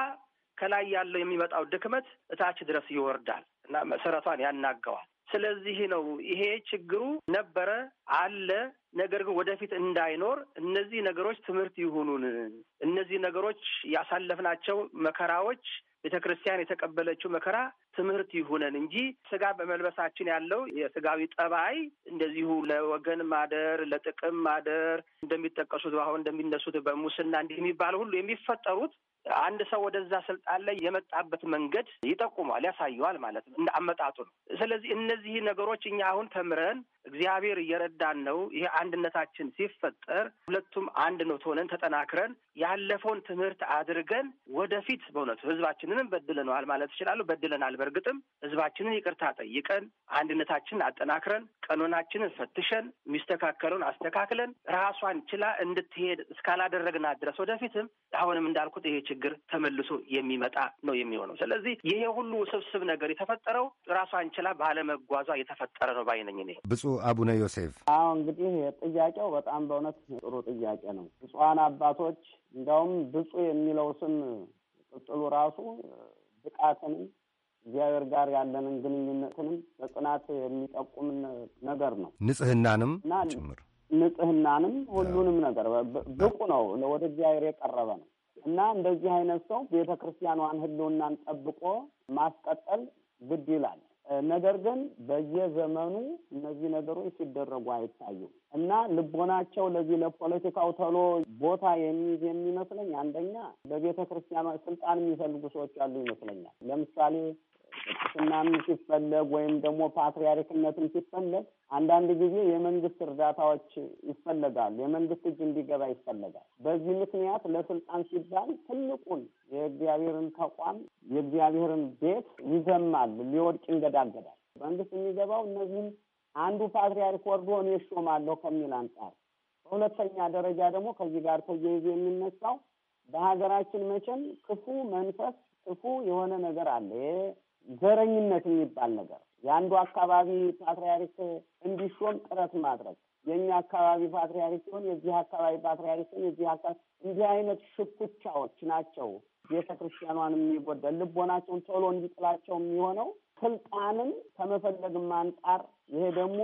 S3: ከላይ ያለው የሚመጣው ድክመት እታች ድረስ ይወርዳል እና መሰረቷን ያናገዋል። ስለዚህ ነው ይሄ ችግሩ ነበረ አለ። ነገር ግን ወደፊት እንዳይኖር እነዚህ ነገሮች ትምህርት ይሁኑን። እነዚህ ነገሮች ያሳለፍናቸው መከራዎች ቤተ ክርስቲያን የተቀበለችው መከራ ትምህርት ይሁነን እንጂ ስጋ በመልበሳችን ያለው የስጋዊ ጠባይ እንደዚሁ ለወገን ማደር፣ ለጥቅም ማደር እንደሚጠቀሱት አሁን እንደሚነሱት በሙስና እንዲህ የሚባለው ሁሉ የሚፈጠሩት አንድ ሰው ወደዛ ስልጣን ላይ የመጣበት መንገድ ይጠቁማል፣ ያሳየዋል ማለት ነው። እንደ አመጣጡ ነው። ስለዚህ እነዚህ ነገሮች እኛ አሁን ተምረን እግዚአብሔር እየረዳን ነው። ይሄ አንድነታችን ሲፈጠር ሁለቱም አንድ ነው ሆነን ተጠናክረን ያለፈውን ትምህርት አድርገን ወደፊት በእውነቱ ህዝባችንንም በድለነዋል ማለት ይችላሉ። በድለናል። በእርግጥም ህዝባችንን ይቅርታ ጠይቀን አንድነታችንን አጠናክረን ቀኖናችንን ፈትሸን የሚስተካከለውን አስተካክለን ራሷን ችላ እንድትሄድ እስካላደረግናት ድረስ ወደፊትም አሁንም እንዳልኩት ይሄ ችግር ተመልሶ የሚመጣ ነው የሚሆነው። ስለዚህ ይሄ ሁሉ ውስብስብ ነገር የተፈጠረው ራሷን ችላ ባለመጓዟ የተፈጠረ ነው ባይነኝ
S1: ብፁዕ አቡነ ዮሴፍ?
S3: አዎ
S2: እንግዲህ ጥያቄው በጣም በእውነት ጥሩ ጥያቄ ነው። ብፁዓን አባቶች እንዲያውም ብፁ የሚለው ስም ቅጽሉ ራሱ ብቃትንም እግዚአብሔር ጋር ያለንን ግንኙነትንም በጽናት የሚጠቁም ነገር ነው።
S1: ንጽህናንም
S2: ጭምር ንጽህናንም ሁሉንም ነገር ብቁ ነው፣ ወደ እግዚአብሔር የቀረበ ነው እና እንደዚህ አይነት ሰው ቤተ ክርስቲያኗን ጠብቆ ማስቀጠል ግድ ይላል። ነገር ግን በየዘመኑ እነዚህ ነገሮች ሲደረጉ አይታዩም እና ልቦናቸው ለዚህ ለፖለቲካው ተሎ ቦታ የሚይዝ የሚመስለኝ አንደኛ በቤተ ክርስቲያኗ ስልጣን የሚፈልጉ ሰዎች ያሉ ይመስለኛል። ለምሳሌ ቅስናም ሲፈለግ ወይም ደግሞ ፓትርያርክነትም ሲፈለግ አንዳንድ ጊዜ የመንግስት እርዳታዎች ይፈለጋሉ። የመንግስት እጅ እንዲገባ ይፈለጋል። በዚህ ምክንያት ለስልጣን ሲባል ትልቁን የእግዚአብሔርን ተቋም የእግዚአብሔርን ቤት ይዘማል፣ ሊወድቅ ይንገዳገዳል። መንግስት የሚገባው እነዚህም አንዱ ፓትርያርክ ወርዶ እኔ እሾማለሁ ከሚል አንጻር፣ በሁለተኛ ደረጃ ደግሞ ከዚህ ጋር ተያይዞ የሚነሳው በሀገራችን መቼም ክፉ መንፈስ ክፉ የሆነ ነገር አለ፣
S5: ዘረኝነት
S2: የሚባል ነገር የአንዱ አካባቢ ፓትርያርክ እንዲሾም ጥረት ማድረግ የእኛ አካባቢ ፓትርያርክ ሲሆን የዚህ አካባቢ ፓትርያርክ ሲሆን የዚህ አካባቢ እንዲህ አይነት ሽኩቻዎች ናቸው ቤተ ክርስቲያኗን የሚጎደል ልቦናቸውን ቶሎ እንዲጥላቸው የሚሆነው ስልጣንን ከመፈለግም አንጻር ይሄ ደግሞ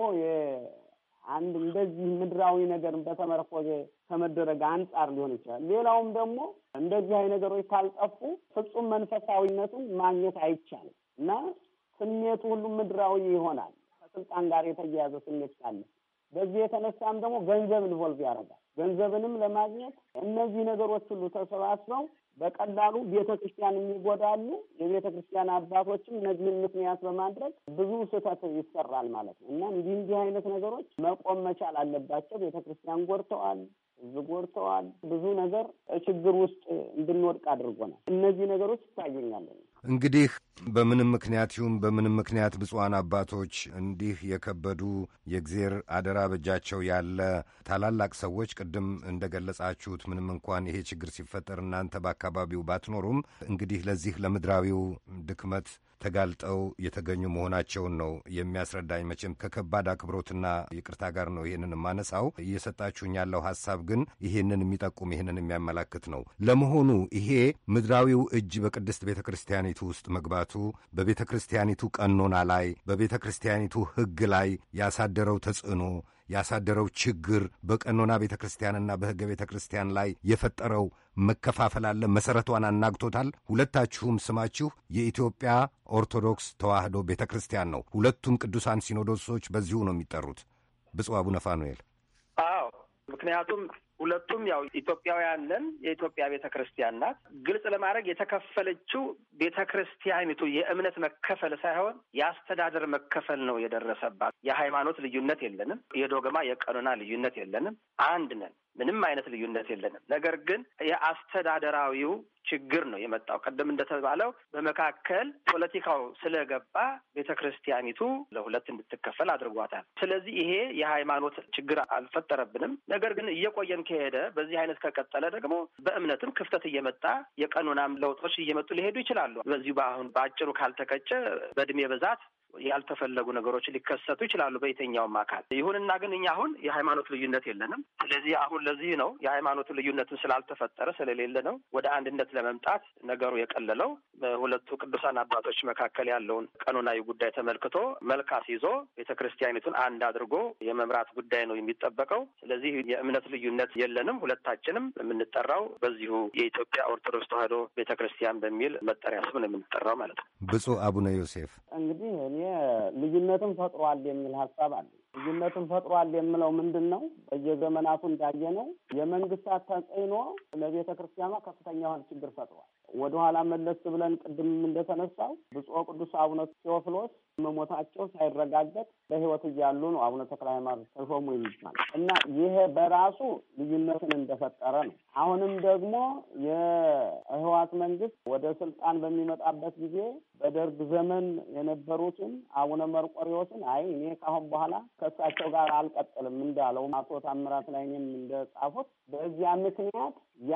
S2: አንድ እንደዚህ ምድራዊ ነገር በተመረኮዘ ከመደረግ አንጻር ሊሆን ይችላል። ሌላውም ደግሞ እንደዚህ አይነት ነገሮች ካልጠፉ ፍጹም መንፈሳዊነቱን ማግኘት አይቻልም እና ስሜቱ ሁሉ ምድራዊ ይሆናል። ከስልጣን ጋር የተያያዘ ስሜት ካለ በዚህ የተነሳም ደግሞ ገንዘብ ኢንቮልቭ ያደርጋል። ገንዘብንም ለማግኘት እነዚህ ነገሮች ሁሉ ተሰባስበው በቀላሉ ቤተ ክርስቲያን የሚጎዳሉ። የቤተ ክርስቲያን አባቶችም እነዚህን ምክንያት በማድረግ ብዙ ስህተት ይሰራል ማለት ነው እና እንዲህ እንዲህ አይነት ነገሮች መቆም መቻል አለባቸው። ቤተ ክርስቲያን ጎድተዋል፣ ጎርተዋል ጎድተዋል። ብዙ ነገር ችግር ውስጥ እንድንወድቅ አድርጎናል። እነዚህ ነገሮች ይታየኛለን።
S1: እንግዲህ በምንም ምክንያት ይሁን በምንም ምክንያት ብፁዓን አባቶች እንዲህ የከበዱ የእግዜር አደራ በእጃቸው ያለ ታላላቅ ሰዎች ቅድም እንደገለጻችሁት ምንም እንኳን ይሄ ችግር ሲፈጠር እናንተ በአካባቢው ባትኖሩም እንግዲህ ለዚህ ለምድራዊው ድክመት ተጋልጠው የተገኙ መሆናቸውን ነው የሚያስረዳኝ። መቼም ከከባድ አክብሮትና ይቅርታ ጋር ነው ይህንን የማነሳው። እየሰጣችሁኝ ያለው ሀሳብ ግን ይህንን የሚጠቁም ይህንን የሚያመላክት ነው። ለመሆኑ ይሄ ምድራዊው እጅ በቅድስት ቤተ ክርስቲያኒቱ ውስጥ መግባቱ በቤተ ክርስቲያኒቱ ቀኖና ላይ በቤተ ክርስቲያኒቱ ሕግ ላይ ያሳደረው ተጽዕኖ ያሳደረው ችግር በቀኖና ቤተ ክርስቲያንና በሕገ ቤተ ክርስቲያን ላይ የፈጠረው መከፋፈል አለ። መሠረቷን አናግቶታል። ሁለታችሁም ስማችሁ የኢትዮጵያ ኦርቶዶክስ ተዋህዶ ቤተ ክርስቲያን ነው። ሁለቱም ቅዱሳን ሲኖዶሶች በዚሁ ነው የሚጠሩት። ብፁዕ አቡነ ፋኑኤል
S3: አዎ፣ ምክንያቱም ሁለቱም ያው ኢትዮጵያውያን ነን። የኢትዮጵያ ቤተ ክርስቲያን ናት። ግልጽ ለማድረግ የተከፈለችው ቤተ ክርስቲያኒቱ የእምነት መከፈል ሳይሆን የአስተዳደር መከፈል ነው የደረሰባት። የሃይማኖት ልዩነት የለንም። የዶግማ የቀኖና ልዩነት የለንም። አንድ ነን። ምንም አይነት ልዩነት የለንም። ነገር ግን የአስተዳደራዊው ችግር ነው የመጣው። ቀደም እንደተባለው በመካከል ፖለቲካው ስለገባ ቤተ ክርስቲያኒቱ ለሁለት እንድትከፈል አድርጓታል። ስለዚህ ይሄ የሃይማኖት ችግር አልፈጠረብንም። ነገር ግን እየቆየን ከሄደ በዚህ አይነት ከቀጠለ ደግሞ በእምነትም ክፍተት እየመጣ የቀኖናም ለውጦች እየመጡ ሊሄዱ ይችላሉ። በዚሁ በአሁን በአጭሩ ካልተቀጨ በእድሜ ብዛት ያልተፈለጉ ነገሮች ሊከሰቱ ይችላሉ በየትኛውም አካል። ይሁንና ግን እኛ አሁን የሃይማኖት ልዩነት የለንም። ስለዚህ አሁን ለዚህ ነው የሃይማኖት ልዩነትን ስላልተፈጠረ ስለሌለ ነው ወደ አንድነት ለመምጣት ነገሩ የቀለለው። በሁለቱ ቅዱሳን አባቶች መካከል ያለውን ቀኖናዊ ጉዳይ ተመልክቶ መልክ አስይዞ ቤተ ክርስቲያኒቱን አንድ አድርጎ የመምራት ጉዳይ ነው የሚጠበቀው። ስለዚህ የእምነት ልዩነት የለንም። ሁለታችንም የምንጠራው በዚሁ የኢትዮጵያ ኦርቶዶክስ ተዋህዶ ቤተ ክርስቲያን በሚል መጠሪያ ስም ነው የምንጠራው ማለት ነው።
S1: ብፁዕ አቡነ ዮሴፍ
S2: እንግዲህ ልዩነትም ፈጥሯል የሚል ሀሳብ አለ። ልዩነትን ፈጥሯል የምለው ምንድን ነው? በየዘመናቱ ነው የመንግስታት ተጽዕኖ ለቤተ ክርስቲያኗ ከፍተኛ የሆነ ችግር ፈጥሯል። ወደኋላ መለስ ብለን ቅድም እንደተነሳው ብፁዕ ቅዱስ አቡነ ቴዎፍሎስ መሞታቸው ሳይረጋገጥ በህይወት እያሉ ነው አቡነ ተክለ ሃይማኖት ተሾሙ የሚባል እና ይሄ በራሱ ልዩነትን እንደፈጠረ ነው። አሁንም ደግሞ የህወሓት መንግስት ወደ ስልጣን በሚመጣበት ጊዜ በደርግ ዘመን የነበሩትን አቡነ መርቆሪዎስን አይ እኔ ከአሁን በኋላ ከእሳቸው ጋር አልቀጥልም እንዳለው አቶ ታምራት ላይኔም እንደጻፉት በዚያ ምክንያት ያ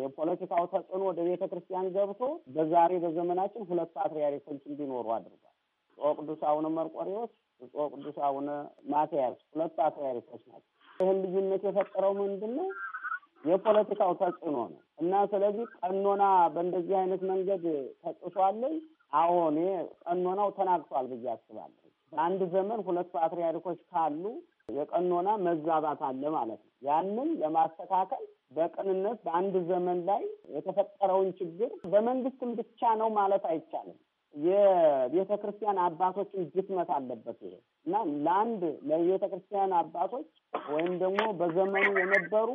S2: የፖለቲካው ተጽዕኖ ወደ ቤተ ክርስቲያን ገብቶ በዛሬ በዘመናችን ሁለት ፓትርያርኮች እንዲኖሩ አድርጓል። ብፁዕ ቅዱስ አቡነ መርቆሪዎስ፣ ቅዱስ አቡነ ማትያስ ሁለት ፓትርያርኮች ናቸው። ይህን ልዩነት የፈጠረው ምንድን ነው? የፖለቲካው ተጽዕኖ ነው እና ስለዚህ ቀኖና በእንደዚህ አይነት መንገድ ተጥሷለኝ። አዎ እኔ ቀኖናው ተናግቷል ብዬ አስባለሁ። በአንድ ዘመን ሁለት ፓትሪያርኮች ካሉ የቀኖና መዛባት አለ ማለት ነው። ያንን ለማስተካከል በቅንነት በአንድ ዘመን ላይ የተፈጠረውን ችግር በመንግስትም ብቻ ነው ማለት አይቻልም። የቤተ ክርስቲያን አባቶችን ድክመት አለበት ይሄ እና ለአንድ ለቤተ ክርስቲያን አባቶች ወይም ደግሞ በዘመኑ የነበሩ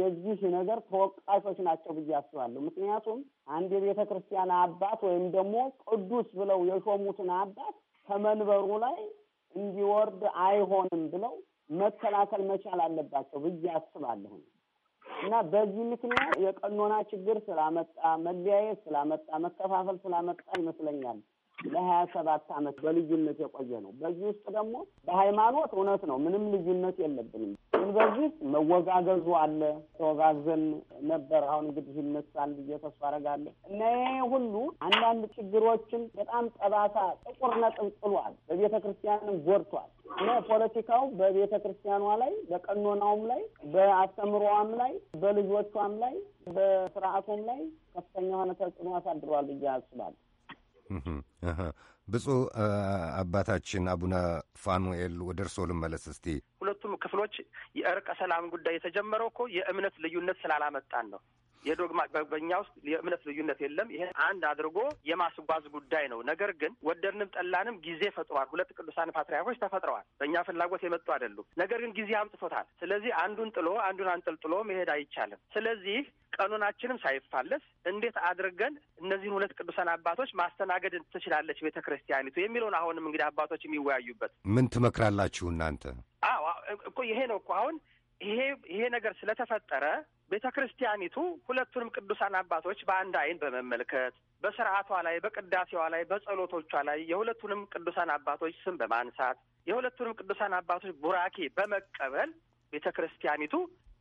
S2: የዚህ ነገር ተወቃሾች ናቸው ብዬ አስባለሁ። ምክንያቱም አንድ የቤተ ክርስቲያን አባት ወይም ደግሞ ቅዱስ ብለው የሾሙትን አባት ከመንበሩ ላይ እንዲወርድ አይሆንም ብለው መከላከል መቻል አለባቸው ብዬ አስባለሁ። እና በዚህ ምክንያት የቀኖና ችግር ስላመጣ መለያየት ስላመጣ መከፋፈል ስላመጣ ይመስለኛል ለሀያ ሰባት አመት በልዩነት የቆየ ነው። በዚህ ውስጥ ደግሞ በሃይማኖት እውነት ነው ምንም ልዩነት የለብንም። ከዚህ በፊት መወጋገዙ አለ። ተወጋግዘን ነበር። አሁን እንግዲህ ይነሳል ብዬ ተስፋ አደርጋለሁ እና ይሄ ሁሉ አንዳንድ ችግሮችን በጣም ጠባሳ ጥቁር ነጥብ ጥሏል። በቤተ ክርስቲያንም ጎድቷል እና ፖለቲካው በቤተ ክርስቲያኗ ላይ በቀኖናውም ላይ በአስተምሮዋም ላይ በልጆቿም ላይ በስርዓቱም ላይ ከፍተኛ የሆነ ተጽዕኖ አሳድሯል ብዬ
S1: አስባለሁ። ብፁዕ አባታችን አቡነ ፋኑኤል ወደ እርሶ ልመለስ እስቲ።
S3: ሁለቱም ክፍሎች የእርቀ ሰላም ጉዳይ የተጀመረው እኮ የእምነት ልዩነት ስላላመጣን ነው። የዶግማ በኛ ውስጥ የእምነት ልዩነት የለም። ይህን አንድ አድርጎ የማስጓዝ ጉዳይ ነው። ነገር ግን ወደድንም ጠላንም ጊዜ ፈጥሯል። ሁለት ቅዱሳን ፓትርያርኮች ተፈጥረዋል። በእኛ ፍላጎት የመጡ አይደሉም። ነገር ግን ጊዜ አምጥቶታል። ስለዚህ አንዱን ጥሎ አንዱን አንጠልጥሎ መሄድ አይቻልም። ስለዚህ ቀኖናችንም ሳይፋለስ እንዴት አድርገን እነዚህን ሁለት ቅዱሳን አባቶች ማስተናገድ ትችላለች ቤተ ክርስቲያኒቱ የሚለውን አሁንም እንግዲህ አባቶች የሚወያዩበት
S1: ምን ትመክራላችሁ እናንተ?
S3: አዎ እኮ ይሄ ነው እኮ አሁን ይሄ ይሄ ነገር ስለተፈጠረ ቤተ ክርስቲያኒቱ ሁለቱንም ቅዱሳን አባቶች በአንድ አይን በመመልከት በስርዓቷ ላይ በቅዳሴዋ ላይ በጸሎቶቿ ላይ የሁለቱንም ቅዱሳን አባቶች ስም በማንሳት የሁለቱንም ቅዱሳን አባቶች ቡራኬ በመቀበል ቤተ ክርስቲያኒቱ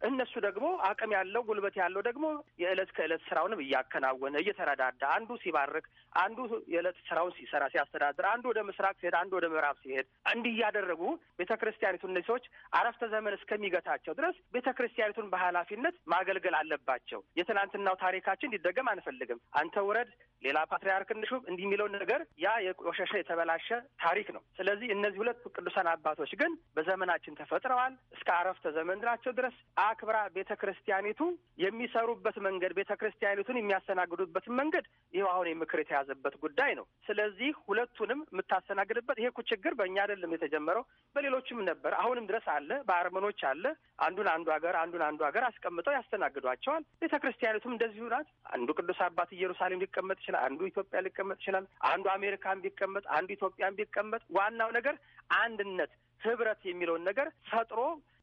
S3: እነሱ ደግሞ አቅም ያለው ጉልበት ያለው ደግሞ የዕለት ከዕለት ስራውንም እያከናወነ እየተረዳዳ አንዱ ሲባርክ፣ አንዱ የዕለት ስራውን ሲሰራ ሲያስተዳድር፣ አንዱ ወደ ምስራቅ ሲሄድ፣ አንዱ ወደ ምዕራብ ሲሄድ፣ እንዲህ እያደረጉ ቤተ ክርስቲያኒቱ እነዚህ ሰዎች አረፍተ ዘመን እስከሚገታቸው ድረስ ቤተ ክርስቲያኒቱን በኃላፊነት ማገልገል አለባቸው። የትናንትናው ታሪካችን እንዲደገም አንፈልግም። አንተ ውረድ፣ ሌላ ፓትርያርክ እንሹም፣ እንዲህ የሚለውን ነገር ያ የቆሸሸ የተበላሸ ታሪክ ነው። ስለዚህ እነዚህ ሁለት ቅዱሳን አባቶች ግን በዘመናችን ተፈጥረዋል። እስከ አረፍተ ድራቸው ድረስ አክብራ ቤተ ክርስቲያኒቱ የሚሰሩበት መንገድ ቤተ ክርስቲያኒቱን የሚያስተናግዱበትን መንገድ ይኸው አሁን የምክር የተያዘበት ጉዳይ ነው። ስለዚህ ሁለቱንም የምታስተናግድበት ይሄ እኮ ችግር በእኛ አይደለም የተጀመረው በሌሎችም ነበር፣ አሁንም ድረስ አለ። በአርመኖች አለ። አንዱን አንዱ ሀገር አንዱን አንዱ ሀገር አስቀምጠው ያስተናግዷቸዋል። ቤተ ክርስቲያኒቱም እንደዚሁ ናት። አንዱ ቅዱስ አባት ኢየሩሳሌም ሊቀመጥ ይችላል፣ አንዱ ኢትዮጵያ ሊቀመጥ ይችላል፣ አንዱ አሜሪካን ቢቀመጥ፣ አንዱ ኢትዮጵያን ቢቀመጥ፣ ዋናው ነገር አንድነት ህብረት የሚለውን ነገር ፈጥሮ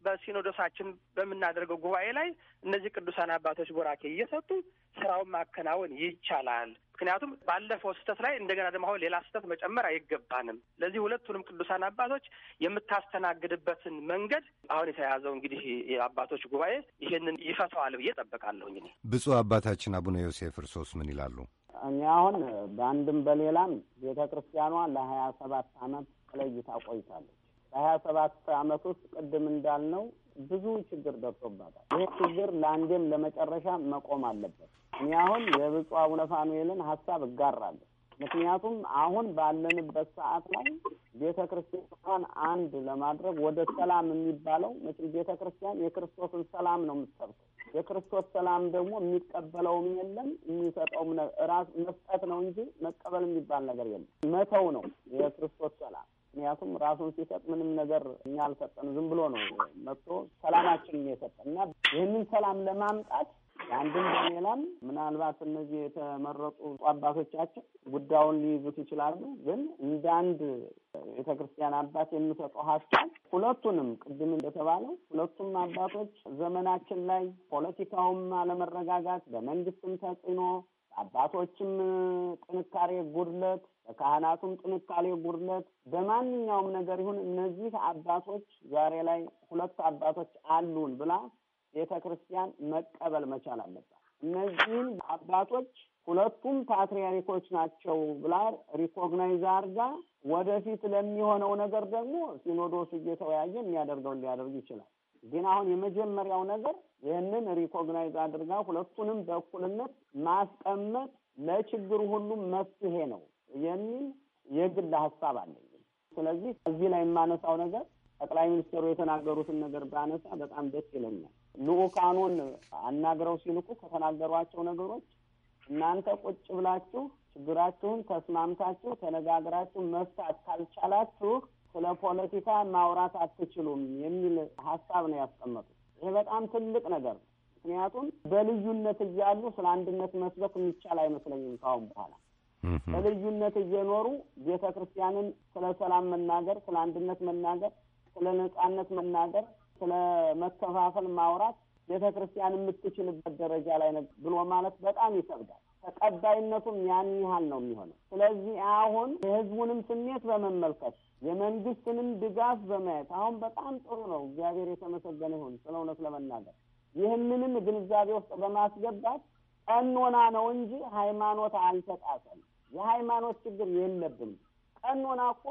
S3: በሲኖዶሳችን በምናደርገው ጉባኤ ላይ እነዚህ ቅዱሳን አባቶች ቡራኬ እየሰጡ ስራውን ማከናወን ይቻላል። ምክንያቱም ባለፈው ስህተት ላይ እንደገና ደግሞ አሁን ሌላ ስህተት መጨመር አይገባንም። ለዚህ ሁለቱንም ቅዱሳን አባቶች የምታስተናግድበትን መንገድ አሁን የተያዘው እንግዲህ የአባቶች ጉባኤ ይህንን ይፈተዋል ብዬ ጠበቃለሁ። እንግዲህ
S1: ብፁዕ አባታችን አቡነ ዮሴፍ እርሶስ ምን ይላሉ?
S3: እኔ አሁን
S2: በአንድም በሌላም ቤተ ክርስቲያኗ ለሀያ ሰባት አመት ተለይታ ቆይታለች። በሀያ ሰባት አመት ውስጥ ቅድም እንዳልነው ብዙ ችግር ደርሶባታል። ይህ ችግር ለአንዴም ለመጨረሻ መቆም አለበት። እኔ አሁን የብፁዕ አቡነ ፋኑኤልን ሀሳብ እጋራለሁ። ምክንያቱም አሁን ባለንበት ሰዓት ላይ ቤተ ክርስቲያኗን አንድ ለማድረግ ወደ ሰላም የሚባለው መቼም ቤተ ክርስቲያን የክርስቶስን ሰላም ነው የምትሰብከው። የክርስቶስ ሰላም ደግሞ የሚቀበለውም የለም የሚሰጠውም ራስ መስጠት ነው እንጂ መቀበል የሚባል ነገር የለም። መተው ነው የክርስቶስ ሰላም ምክንያቱም ራሱን ሲሰጥ ምንም ነገር እኛ አልሰጠን፣ ዝም ብሎ ነው መጥቶ ሰላማችንን የሰጠን እና ይህንን ሰላም ለማምጣት አንድም በሌላም ምናልባት እነዚህ የተመረጡ አባቶቻችን ጉዳዩን ሊይዙት ይችላሉ። ግን እንደ አንድ ቤተ ክርስቲያን አባት የምሰጠው ሀሳብ ሁለቱንም ቅድም እንደተባለው ሁለቱም አባቶች ዘመናችን ላይ ፖለቲካውም አለመረጋጋት፣ በመንግስትም ተጽዕኖ አባቶችም ጥንካሬ ጉድለት፣ በካህናቱም ጥንካሬ ጉድለት፣ በማንኛውም ነገር ይሁን እነዚህ አባቶች ዛሬ ላይ ሁለቱ አባቶች አሉን ብላ ቤተ ክርስቲያን መቀበል መቻል አለባት። እነዚህም አባቶች ሁለቱም ፓትሪያሪኮች ናቸው ብላ ሪኮግናይዝ አርጋ ወደፊት ለሚሆነው ነገር ደግሞ ሲኖዶሱ እየተወያየ የሚያደርገውን ሊያደርግ ይችላል። ግን አሁን የመጀመሪያው ነገር ይህንን ሪኮግናይዝ አድርጋ ሁለቱንም በእኩልነት ማስቀመጥ ለችግሩ ሁሉ መፍትሄ ነው የሚል የግል ሀሳብ አለኝ። ስለዚህ እዚህ ላይ የማነሳው ነገር ጠቅላይ ሚኒስትሩ የተናገሩትን ነገር ባነሳ በጣም ደስ ይለኛል። ልኡካኑን አናግረው ሲልኩ ከተናገሯቸው ነገሮች እናንተ ቁጭ ብላችሁ ችግራችሁን ተስማምታችሁ ተነጋግራችሁ መፍታት ካልቻላችሁ ስለ ፖለቲካ ማውራት አትችሉም የሚል ሀሳብ ነው ያስቀመጡት። ይህ በጣም ትልቅ ነገር ነው። ምክንያቱም በልዩነት እያሉ ስለ አንድነት መስበክ የሚቻል አይመስለኝም። ካሁን በኋላ በልዩነት እየኖሩ ቤተ ክርስቲያንን ስለ ሰላም መናገር፣ ስለ አንድነት መናገር፣ ስለ ነጻነት መናገር፣ ስለ መከፋፈል ማውራት ቤተ ክርስቲያን የምትችልበት ደረጃ ላይ ብሎ ማለት በጣም ይከብዳል። ተቀባይነቱም ያን ያህል ነው የሚሆነው። ስለዚህ አሁን የህዝቡንም ስሜት በመመልከት የመንግስትንም ድጋፍ በማየት አሁን በጣም ጥሩ ነው። እግዚአብሔር የተመሰገነ ይሁን። ስለ እውነት ለመናገር ይህንንም ግንዛቤ ውስጥ በማስገባት ቀኖና ነው እንጂ ሃይማኖት አልተጣሰም። የሃይማኖት ችግር የለብንም። ቀኖና እኮ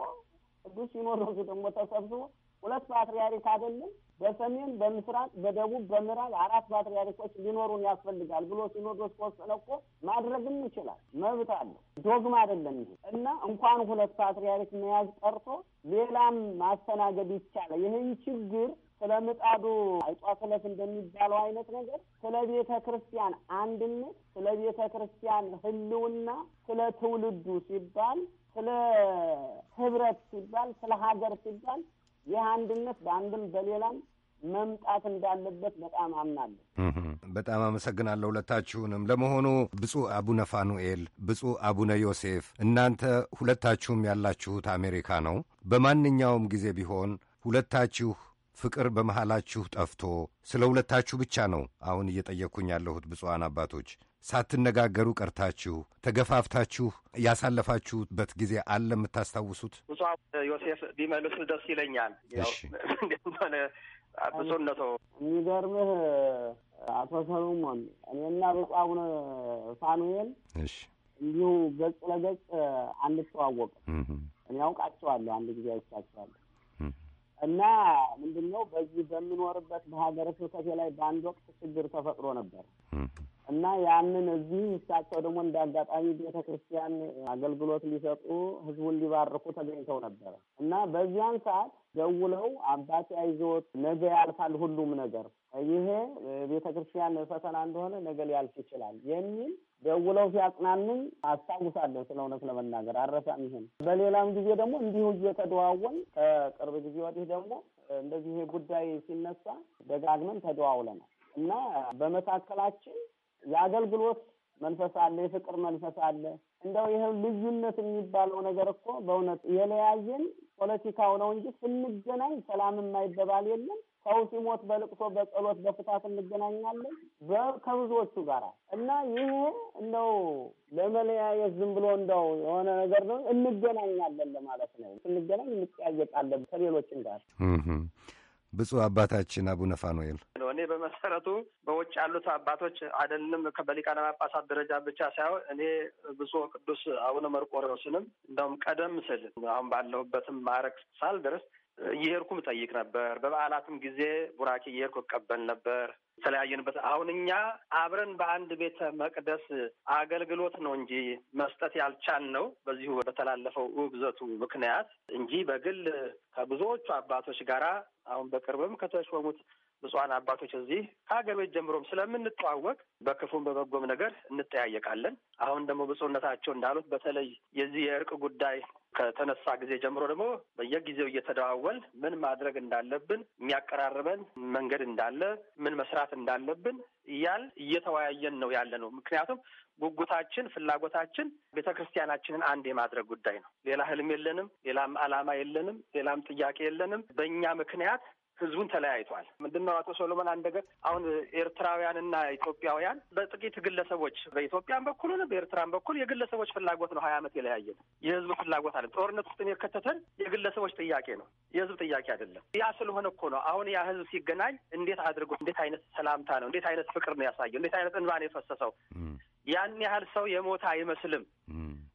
S2: ቅዱስ ሲኖዶሱ ደግሞ ተሰብስቦ ሁለት ፓትርያርክ አይደለም በሰሜን፣ በምስራቅ፣ በደቡብ፣ በምዕራብ አራት ፓትርያርኮች ሊኖሩን ያስፈልጋል ብሎ ሲኖዶስ ከወሰነ እኮ ማድረግም ይችላል። መብት አለው። ዶግማ አይደለም ይሄ እና እንኳን ሁለት ፓትርያርክ መያዝ ቀርቶ ሌላም ማስተናገድ ይቻላል። ይህን ችግር ስለ ምጣዱ አይጧት እንደሚባለው አይነት ነገር ስለ ቤተ ክርስቲያን አንድነት፣ ስለ ቤተ ክርስቲያን ህልውና ስለ ትውልዱ ሲባል ስለ ህብረት ሲባል ስለ ሀገር ሲባል ይህ አንድነት በአንድም በሌላም መምጣት እንዳለበት በጣም አምናለሁ።
S1: በጣም አመሰግናለሁ ሁለታችሁንም። ለመሆኑ ብፁዕ አቡነ ፋኑኤል፣ ብፁዕ አቡነ ዮሴፍ እናንተ ሁለታችሁም ያላችሁት አሜሪካ ነው። በማንኛውም ጊዜ ቢሆን ሁለታችሁ ፍቅር በመሃላችሁ ጠፍቶ ስለ ሁለታችሁ ብቻ ነው አሁን እየጠየቅኩኝ ያለሁት ብፁዓን አባቶች ሳትነጋገሩ ቀርታችሁ ተገፋፍታችሁ ያሳለፋችሁበት ጊዜ አለ የምታስታውሱት?
S3: ብፁዕ ዮሴፍ ቢመልሱ ደስ ይለኛል።
S1: *laughs*
S3: እንደሆነ ብፁዕነቶ የሚገርምህ አቶ
S2: ሰሎሞን እኔና ብፁዕ አቡነ ፋኑኤል እንዲሁ ገጽ ለገጽ አንተዋወቅም። እኔ አውቃቸዋለሁ፣ አንድ ጊዜ አይቻቸዋለሁ። እና ምንድን ነው በዚህ በምኖርበት በሀገረ ስብከቴ ላይ በአንድ ወቅት ችግር ተፈጥሮ ነበር እና ያንን እዚህ እሳቸው ደግሞ እንደ አጋጣሚ ቤተ ክርስቲያን አገልግሎት ሊሰጡ ህዝቡን ሊባርኩ ተገኝተው ነበረ እና በዚያን ሰዓት ደውለው አባቴ አይዞት ነገ ያልፋል ሁሉም ነገር ይሄ ቤተ ክርስቲያን ፈተና እንደሆነ ነገ ሊያልፍ ይችላል የሚል ደውለው ሲያጽናኑኝ አስታውሳለሁ። ስለ እውነት ለመናገር አረሳም። ይሄን በሌላም ጊዜ ደግሞ እንዲሁ እየተደዋወን ከቅርብ ጊዜ ወዲህ ደግሞ እንደዚህ ይሄ ጉዳይ ሲነሳ ደጋግመን ተደዋውለናል እና በመካከላችን የአገልግሎት መንፈስ አለ፣ የፍቅር መንፈስ አለ። እንደው ይህ ልዩነት የሚባለው ነገር እኮ በእውነት የለያየን ፖለቲካው ነው እንጂ ስንገናኝ ሰላም የማይበባል የለም። ሰው ሲሞት በልቅሶ በጸሎት በፍታት እንገናኛለን ከብዙዎቹ ጋር እና ይሄ እንደው ለመለያየት ዝም ብሎ እንደው የሆነ ነገር ነው እንገናኛለን ለማለት ነው። ስንገናኝ እንጠያየቃለን ከሌሎችን ጋር
S1: ብፁዕ አባታችን አቡነ ፋኑኤል
S3: እኔ በመሰረቱ በውጭ ያሉት አባቶች አይደለም በሊቃነ ጳጳሳት ደረጃ ብቻ ሳይሆን እኔ ብፁዕ ቅዱስ አቡነ መርቆሬዎስንም እንደውም ቀደም ስል አሁን ባለሁበትም ማዕረግ ሳልደርስ እየሄድኩም እጠይቅ ነበር። በበዓላትም ጊዜ ቡራኬ እየሄድኩ እቀበል ነበር። የተለያየንበት አሁን እኛ አብረን በአንድ ቤተ መቅደስ አገልግሎት ነው እንጂ መስጠት ያልቻል ነው በዚሁ በተላለፈው እብዘቱ ምክንያት እንጂ በግል ከብዙዎቹ አባቶች ጋራ አሁን በቅርብም ከተሾሙት ብፁዓን አባቶች እዚህ ከሀገር ቤት ጀምሮም ስለምንተዋወቅ በክፉም በበጎም ነገር እንጠያየቃለን። አሁን ደግሞ ብፁዕነታቸው እንዳሉት በተለይ የዚህ የእርቅ ጉዳይ ከተነሳ ጊዜ ጀምሮ ደግሞ በየጊዜው እየተደዋወል ምን ማድረግ እንዳለብን የሚያቀራርበን መንገድ እንዳለ ምን መስራት እንዳለብን እያል እየተወያየን ነው ያለ ነው። ምክንያቱም ጉጉታችን፣ ፍላጎታችን ቤተ ክርስቲያናችንን አንድ የማድረግ ጉዳይ ነው። ሌላ ህልም የለንም፣ ሌላም አላማ የለንም፣ ሌላም ጥያቄ የለንም። በእኛ ምክንያት ህዝቡን ተለያይቷል። ምንድን ነው አቶ ሶሎሞን አንድ አሁን ኤርትራውያንና ኢትዮጵያውያን በጥቂት ግለሰቦች በኢትዮጵያን በኩል ሆነ በኤርትራን በኩል የግለሰቦች ፍላጎት ነው ሀያ ዓመት የለያየን የህዝብ ፍላጎት አለ። ጦርነት ውስጥ የከተተን የግለሰቦች ጥያቄ ነው፣ የህዝብ ጥያቄ አይደለም። ያ ስለሆነ እኮ ነው አሁን ያ ህዝብ ሲገናኝ እንዴት አድርጎ እንዴት አይነት ሰላምታ ነው እንዴት አይነት ፍቅር ነው ያሳየው እንዴት አይነት እንባ የፈሰሰው። ያን ያህል ሰው የሞተ አይመስልም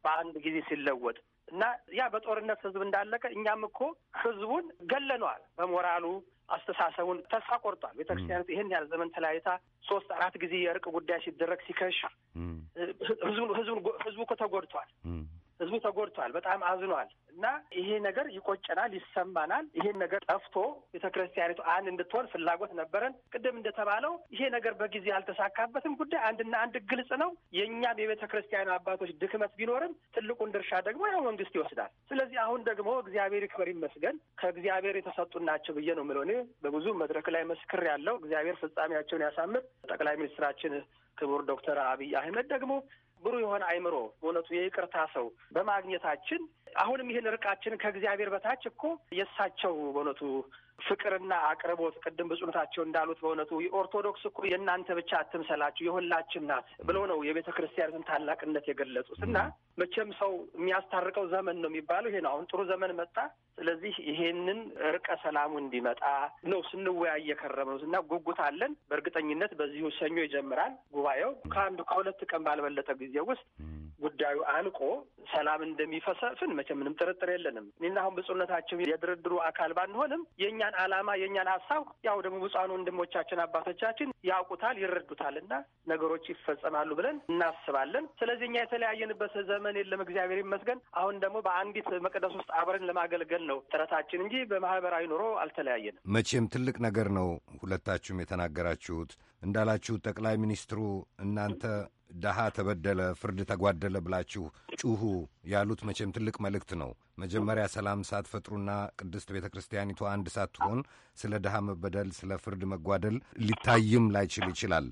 S3: በአንድ ጊዜ ሲለወጥ እና ያ በጦርነት ህዝብ እንዳለቀ እኛም እኮ ህዝቡን ገለነዋል በሞራሉ አስተሳሰቡን ተስፋ ቆርጧል። ቤተክርስቲያን ይህን ያህል ዘመን ተለያይታ ሶስት አራት ጊዜ የእርቅ ጉዳይ ሲደረግ ሲከሽ ህዝቡ እኮ ተጎድቷል። ህዝቡ ተጎድቷል፣ በጣም አዝኗል እና ይሄ ነገር ይቆጨናል፣ ይሰማናል። ይሄን ነገር ጠፍቶ ቤተ ክርስቲያኒቱ አንድ እንድትሆን ፍላጎት ነበረን። ቅድም እንደተባለው ይሄ ነገር በጊዜ ያልተሳካበትም ጉዳይ አንድና አንድ ግልጽ ነው። የእኛም የቤተ ክርስቲያኑ አባቶች ድክመት ቢኖርም ትልቁን ድርሻ ደግሞ ያው መንግስት ይወስዳል። ስለዚህ አሁን ደግሞ እግዚአብሔር ይክበር ይመስገን ከእግዚአብሔር የተሰጡ ናቸው ብዬ ነው የምለው። እኔ በብዙ መድረክ ላይ መስክር ያለው እግዚአብሔር ፍጻሜያቸውን ያሳምር ጠቅላይ ሚኒስትራችን ክቡር ዶክተር አብይ አህመድ ደግሞ ብሩህ የሆነ አይምሮ በእውነቱ የይቅርታ ሰው በማግኘታችን አሁንም ይህን ርቃችን ከእግዚአብሔር በታች እኮ የእሳቸው በእውነቱ ፍቅርና አቅርቦት ቅድም ብፁዕነታቸው እንዳሉት በእውነቱ ኦርቶዶክስ እኮ የእናንተ ብቻ አትምሰላችሁ የሁላችን ናት ብለው ነው የቤተ ክርስቲያንን ታላቅነት የገለጹት። እና መቼም ሰው የሚያስታርቀው ዘመን ነው የሚባለው ይሄ ነው። አሁን ጥሩ ዘመን መጣ። ስለዚህ ይሄንን እርቀ ሰላሙ እንዲመጣ ነው ስንወያይ የከረመው እና ጉጉት አለን። በእርግጠኝነት በዚሁ ሰኞ ይጀምራል ጉባኤው። ከአንዱ ከሁለት ቀን ባልበለጠ ጊዜ ውስጥ ጉዳዩ አልቆ ሰላም እንደሚፈሰፍን መቼ ምንም ጥርጥር የለንም። እኔና አሁን ብፁዕነታቸው የድርድሩ አካል ባንሆንም የእኛን ዓላማ የእኛን ሀሳብ ያው ደግሞ ብፁዓን ወንድሞቻችን አባቶቻችን ያውቁታል፣ ይረዱታል እና ነገሮች ይፈጸማሉ ብለን እናስባለን። ስለዚህ እኛ የተለያየንበት ዘመን የለም፣ እግዚአብሔር ይመስገን። አሁን ደግሞ በአንዲት መቅደስ ውስጥ አብረን ለማገልገል ነው ጥረታችን እንጂ በማህበራዊ ኑሮ አልተለያየንም።
S1: መቼም ትልቅ ነገር ነው ሁለታችሁም የተናገራችሁት እንዳላችሁት ጠቅላይ ሚኒስትሩ እናንተ ደሃ ተበደለ፣ ፍርድ ተጓደለ ብላችሁ ጩሁ ያሉት መቼም ትልቅ መልእክት ነው። መጀመሪያ ሰላም ሳትፈጥሩና ቅድስት ቤተ ክርስቲያኒቱ አንድ ሳትሆን ስለ ደሃ መበደል፣ ስለ ፍርድ መጓደል ሊታይም ላይችል ይችላል።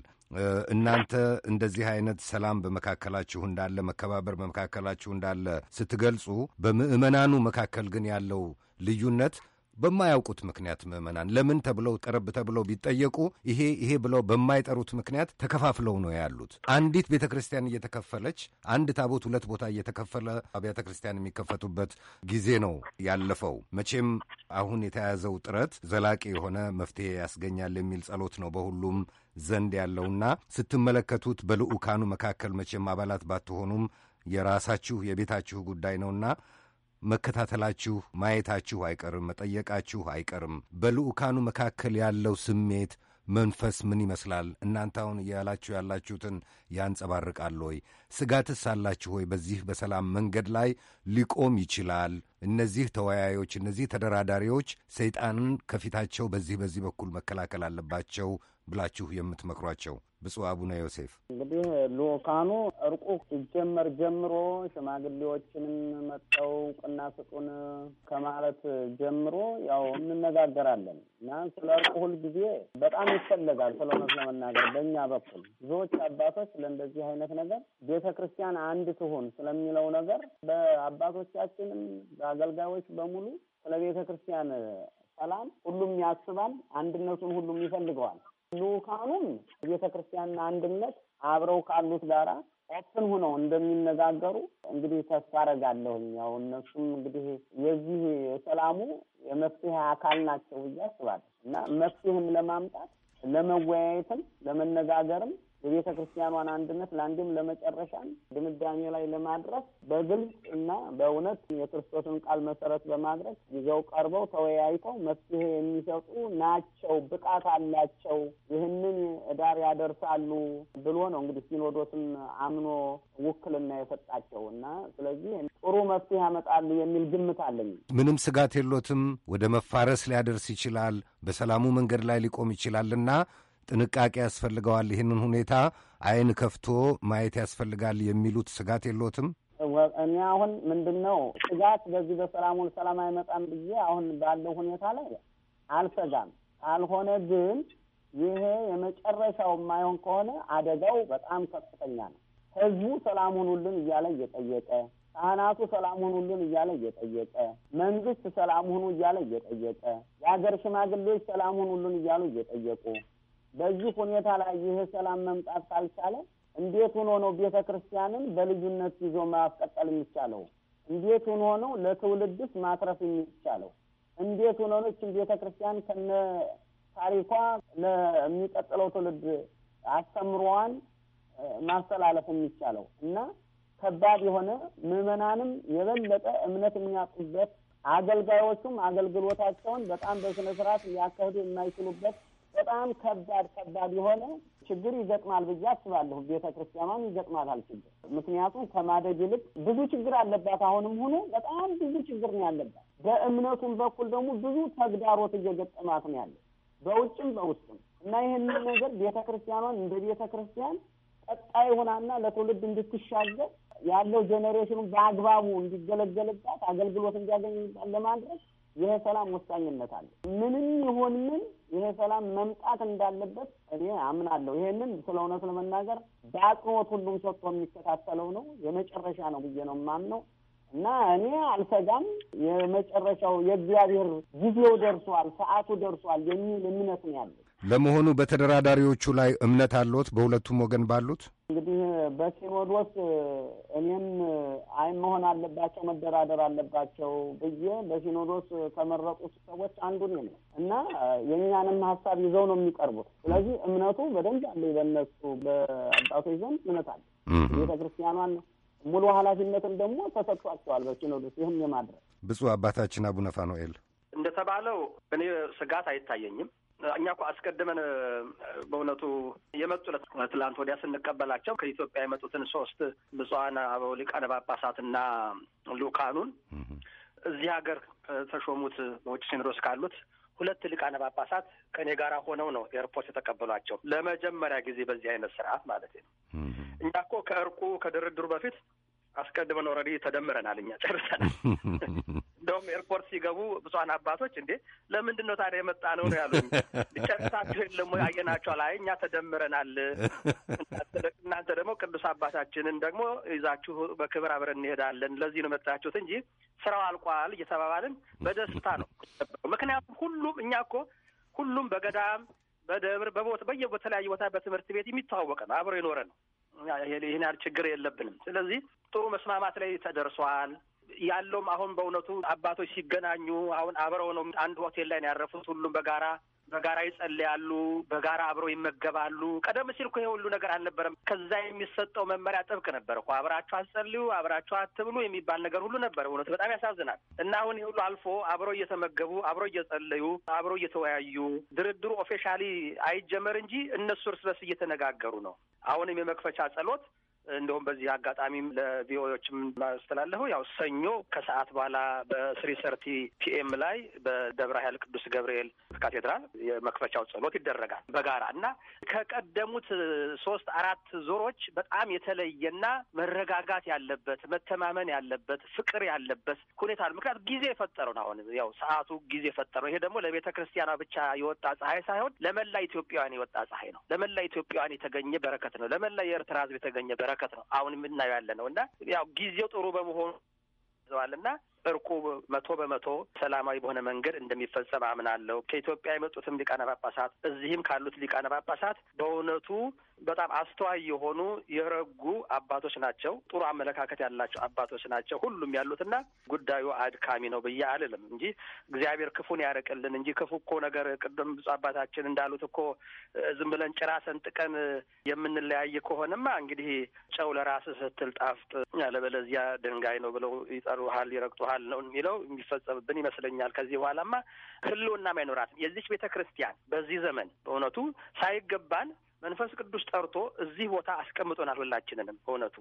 S1: እናንተ እንደዚህ አይነት ሰላም በመካከላችሁ እንዳለ፣ መከባበር በመካከላችሁ እንዳለ ስትገልጹ፣ በምዕመናኑ መካከል ግን ያለው ልዩነት በማያውቁት ምክንያት ምዕመናን ለምን ተብለው ቀረብ ተብለው ቢጠየቁ ይሄ ይሄ ብለው በማይጠሩት ምክንያት ተከፋፍለው ነው ያሉት። አንዲት ቤተ ክርስቲያን እየተከፈለች አንድ ታቦት ሁለት ቦታ እየተከፈለ አብያተ ክርስቲያን የሚከፈቱበት ጊዜ ነው ያለፈው። መቼም አሁን የተያዘው ጥረት ዘላቂ የሆነ መፍትሄ ያስገኛል የሚል ጸሎት ነው በሁሉም ዘንድ ያለውና ስትመለከቱት በልዑካኑ መካከል መቼም አባላት ባትሆኑም የራሳችሁ የቤታችሁ ጉዳይ ነውና መከታተላችሁ ማየታችሁ አይቀርም፣ መጠየቃችሁ አይቀርም። በልዑካኑ መካከል ያለው ስሜት መንፈስ ምን ይመስላል? እናንተ አሁን እያላችሁ ያላችሁትን ያንጸባርቃል ወይ? ስጋትስ አላችሁ ወይ? በዚህ በሰላም መንገድ ላይ ሊቆም ይችላል? እነዚህ ተወያዮች፣ እነዚህ ተደራዳሪዎች ሰይጣንን ከፊታቸው በዚህ በዚህ በኩል መከላከል አለባቸው ብላችሁ የምትመክሯቸው ብፁዕ አቡነ ዮሴፍ?
S2: እንግዲህ ልኡካኑ እርቁ ሲጀመር ጀምሮ ሽማግሌዎችንም መጠው እውቅና ስጡን ከማለት ጀምሮ ያው እንነጋገራለን እና ስለ እርቁ ሁልጊዜ በጣም ይፈለጋል። ስለ እውነት ለመናገር በእኛ በኩል ብዙዎች አባቶች ለእንደዚህ አይነት ነገር ቤተ ክርስቲያን አንድ ትሁን ስለሚለው ነገር በአባቶቻችንም በአገልጋዮች በሙሉ ስለ ቤተ ክርስቲያን ሰላም ሁሉም ያስባል። አንድነቱን ሁሉም ይፈልገዋል። ልኡካኑም ቤተ ክርስቲያንና አንድነት አብረው ካሉት ጋራ ኦፕን ሆነው እንደሚነጋገሩ እንግዲህ ተስፋ አደርጋለሁኝ። ያው እነሱም እንግዲህ የዚህ ሰላሙ የመፍትሄ አካል ናቸው ብዬ አስባለሁ እና መፍትሄም ለማምጣት ለመወያየትም ለመነጋገርም የቤተ ክርስቲያኗን አንድነት ለአንድም ለመጨረሻም ድምዳሜ ላይ ለማድረስ በግልጽ እና በእውነት የክርስቶስን ቃል መሰረት በማድረግ ይዘው ቀርበው ተወያይተው መፍትሄ የሚሰጡ ናቸው፣ ብቃት አላቸው፣ ይህንን ዳር ያደርሳሉ ብሎ ነው እንግዲህ ሲኖዶስም አምኖ ውክልና የሰጣቸው እና ስለዚህ ጥሩ መፍትሄ ያመጣሉ የሚል ግምት አለኝ።
S1: ምንም ስጋት የሎትም። ወደ መፋረስ ሊያደርስ ይችላል፣ በሰላሙ መንገድ ላይ ሊቆም ይችላልና ጥንቃቄ ያስፈልገዋል፣ ይህንን ሁኔታ አይን ከፍቶ ማየት ያስፈልጋል የሚሉት ስጋት የለዎትም?
S2: እኔ አሁን ምንድን ነው ስጋት በዚህ በሰላሙን ሰላም አይመጣም ብዬ አሁን ባለው ሁኔታ ላይ አልሰጋም። ካልሆነ ግን ይሄ የመጨረሻው የማይሆን ከሆነ አደጋው በጣም ከፍተኛ ነው። ህዝቡ ሰላሙን ሁሉን እያለ እየጠየቀ ካህናቱ ሰላሙን ሁሉን እያለ እየጠየቀ መንግስት ሰላሙን እያለ እየጠየቀ የሀገር ሽማግሌዎች ሰላሙን ሁሉን እያሉ እየጠየቁ በዚህ ሁኔታ ላይ ይህ ሰላም መምጣት ካልቻለ እንዴት ሆኖ ነው ቤተ ክርስቲያንን በልዩነት ይዞ ማስቀጠል የሚቻለው? እንዴት ሆኖ ነው ለትውልድስ ማትረፍ የሚቻለው? እንዴት ሆኖ ነው እችን ቤተ ክርስቲያን ከነ ታሪኳ ለሚቀጥለው ትውልድ አስተምሮዋን ማስተላለፍ የሚቻለው? እና ከባድ የሆነ ምዕመናንም የበለጠ እምነት የሚያጡበት አገልጋዮቹም አገልግሎታቸውን በጣም በስነ ስርዓት ሊያካሂዱ የማይችሉበት በጣም ከባድ ከባድ የሆነ ችግር ይገጥማል ብዬ አስባለሁ። ቤተ ክርስቲያኗን ይገጥማታል ችግር። ምክንያቱም ከማደግ ይልቅ ብዙ ችግር አለባት። አሁንም ሆኖ በጣም ብዙ ችግር ነው ያለባት። በእምነቱም በኩል ደግሞ ብዙ ተግዳሮት እየገጠማት ነው ያለ በውጭም በውስጥም እና ይህንን ነገር ቤተ ክርስቲያኗን እንደ ቤተ ክርስቲያን ቀጣይ ሆናና ለትውልድ እንድትሻገር ያለው ጄኔሬሽኑ በአግባቡ እንዲገለገልባት አገልግሎት እንዲያገኝ ለማድረግ ይሄ ሰላም ወሳኝነት አለ። ምንም ይሁን ምን ይሄ ሰላም መምጣት እንዳለበት እኔ አምናለሁ። ይሄንን ስለ እውነት ለመናገር በአጽንኦት ሁሉም ሰጥቶ የሚከታተለው ነው። የመጨረሻ ነው ብዬ ነው የማምነው እና እኔ አልሰጋም። የመጨረሻው የእግዚአብሔር ጊዜው ደርሷል፣ ሰዓቱ ደርሷል የሚል እምነት ነው ያለ።
S1: ለመሆኑ በተደራዳሪዎቹ ላይ እምነት አለዎት? በሁለቱም ወገን ባሉት
S2: እንግዲህ በሲኖዶስ እኔም አይን መሆን አለባቸው መደራደር አለባቸው ብዬ በሲኖዶስ ከመረጡት ሰዎች አንዱ ነው እና የእኛንም ሀሳብ ይዘው ነው የሚቀርቡት። ስለዚህ እምነቱ በደንብ አለ። በነሱ በአባቶች ዘንድ እምነት አለ። ቤተ ክርስቲያኗን ሙሉ ኃላፊነትም ደግሞ
S3: ተሰጥቷቸዋል በሲኖዶስ ይህም የማድረግ
S1: ብፁዕ አባታችን አቡነ
S3: እንደተባለው እኔ ስጋት አይታየኝም። እኛ እኮ አስቀድመን በእውነቱ የመጡለት ትላንት ወዲያ ስንቀበላቸው ከኢትዮጵያ የመጡትን ሶስት ብፁዓን አበው ሊቃነ ጳጳሳትና ልኡካኑን እዚህ ሀገር ተሾሙት በውጭ ሲኖዶስ ካሉት ሁለት ሊቃነ ጳጳሳት ከእኔ ጋር ሆነው ነው ኤርፖርት የተቀበሏቸው። ለመጀመሪያ ጊዜ በዚህ አይነት ስርዓት ማለት ነው። እኛ እኮ ከእርቁ ከድርድሩ በፊት አስቀድመን ኦልሬዲ ተደምረናል፣ እኛ ጨርሰናል። *laughs* እንደውም ኤርፖርት ሲገቡ ብፁዓን አባቶች እንዴ ለምንድን ነው ታዲያ የመጣ ነው ነው ያሉ። ጨርሳችሁ የለም ያየናቸው ላይ እኛ ተደምረናል፣ እናንተ ደግሞ ቅዱስ አባታችንን ደግሞ ይዛችሁ በክብር አብረን እንሄዳለን። ለዚህ ነው መጣችሁት እንጂ ስራው አልቋል እየተባባልን በደስታ ነው። ምክንያቱም ሁሉም እኛ እኮ ሁሉም በገዳም በደብር በቦት በየ በተለያየ ቦታ በትምህርት ቤት የሚተዋወቀ ነው አብሮ የኖረ ነው ይህን ያህል ችግር የለብንም። ስለዚህ ጥሩ መስማማት ላይ ተደርሷል። ያለውም አሁን በእውነቱ አባቶች ሲገናኙ አሁን አብረው ነው። አንድ ሆቴል ላይ ነው ያረፉት። ሁሉም በጋራ በጋራ ይጸልያሉ፣ በጋራ አብረው ይመገባሉ። ቀደም ሲል እኮ ይሄ ሁሉ ነገር አልነበረም። ከዛ የሚሰጠው መመሪያ ጥብቅ ነበር እኮ አብራችሁ አትጸልዩ፣ አብራችሁ አትብሉ የሚባል ነገር ሁሉ ነበር። እውነት በጣም ያሳዝናል። እና አሁን ይሄ ሁሉ አልፎ አብረው እየተመገቡ አብረው እየጸለዩ አብረው እየተወያዩ ድርድሩ ኦፊሻሊ አይጀመር እንጂ እነሱ እርስ በርስ እየተነጋገሩ ነው። አሁንም የመክፈቻ ጸሎት እንደውም በዚህ አጋጣሚ ለቪኦኤዎችም ማስተላለፈው ያው ሰኞ ከሰዓት በኋላ በስሪ ሰርቲ ፒኤም ላይ በደብረ ኃይል ቅዱስ ገብርኤል ካቴድራል የመክፈቻው ጸሎት ይደረጋል በጋራ እና ከቀደሙት ሶስት አራት ዞሮች በጣም የተለየና መረጋጋት ያለበት መተማመን ያለበት ፍቅር ያለበት ሁኔታ ነው። ምክንያቱም ጊዜ የፈጠረውን አሁን ያው ሰዓቱ ጊዜ የፈጠረው ይሄ ደግሞ ለቤተ ክርስቲያኗ ብቻ የወጣ ፀሐይ ሳይሆን ለመላ ኢትዮጵያውያን የወጣ ፀሐይ ነው። ለመላ ኢትዮጵያውያን የተገኘ በረከት ነው። ለመላ የኤርትራ ህዝብ የተገኘ በረከት በረከት ነው አሁን የምናየው ያለ ነው እና ያው ጊዜው ጥሩ በመሆኑ ዘዋል እና እርቁ መቶ በመቶ ሰላማዊ በሆነ መንገድ እንደሚፈጸም አምናለሁ። ከኢትዮጵያ የመጡትም ሊቃነ ጳጳሳት እዚህም ካሉት ሊቃነ ጳጳሳት በእውነቱ በጣም አስተዋይ የሆኑ የረጉ አባቶች ናቸው። ጥሩ አመለካከት ያላቸው አባቶች ናቸው ሁሉም ያሉትና ጉዳዩ አድካሚ ነው ብዬ አልልም እንጂ እግዚአብሔር ክፉን ያርቅልን እንጂ ክፉ እኮ ነገር ቅድም ብፁዕ አባታችን እንዳሉት እኮ ዝም ብለን ጭራ ሰንጥቀን የምንለያይ ከሆነማ እንግዲህ ጨው ለራስህ ስትል ጣፍጥ፣ ያለበለዚያ ድንጋይ ነው ብለው ይጠሩሃል፣ ይረግጡሃል ይኖራል ነው የሚለው የሚፈጸምብን ይመስለኛል። ከዚህ በኋላማ ህልውናም አይኖራትም የዚች ቤተ ክርስቲያን በዚህ ዘመን በእውነቱ ሳይገባን መንፈስ ቅዱስ ጠርቶ እዚህ ቦታ አስቀምጦናል። ሁላችንንም በእውነቱ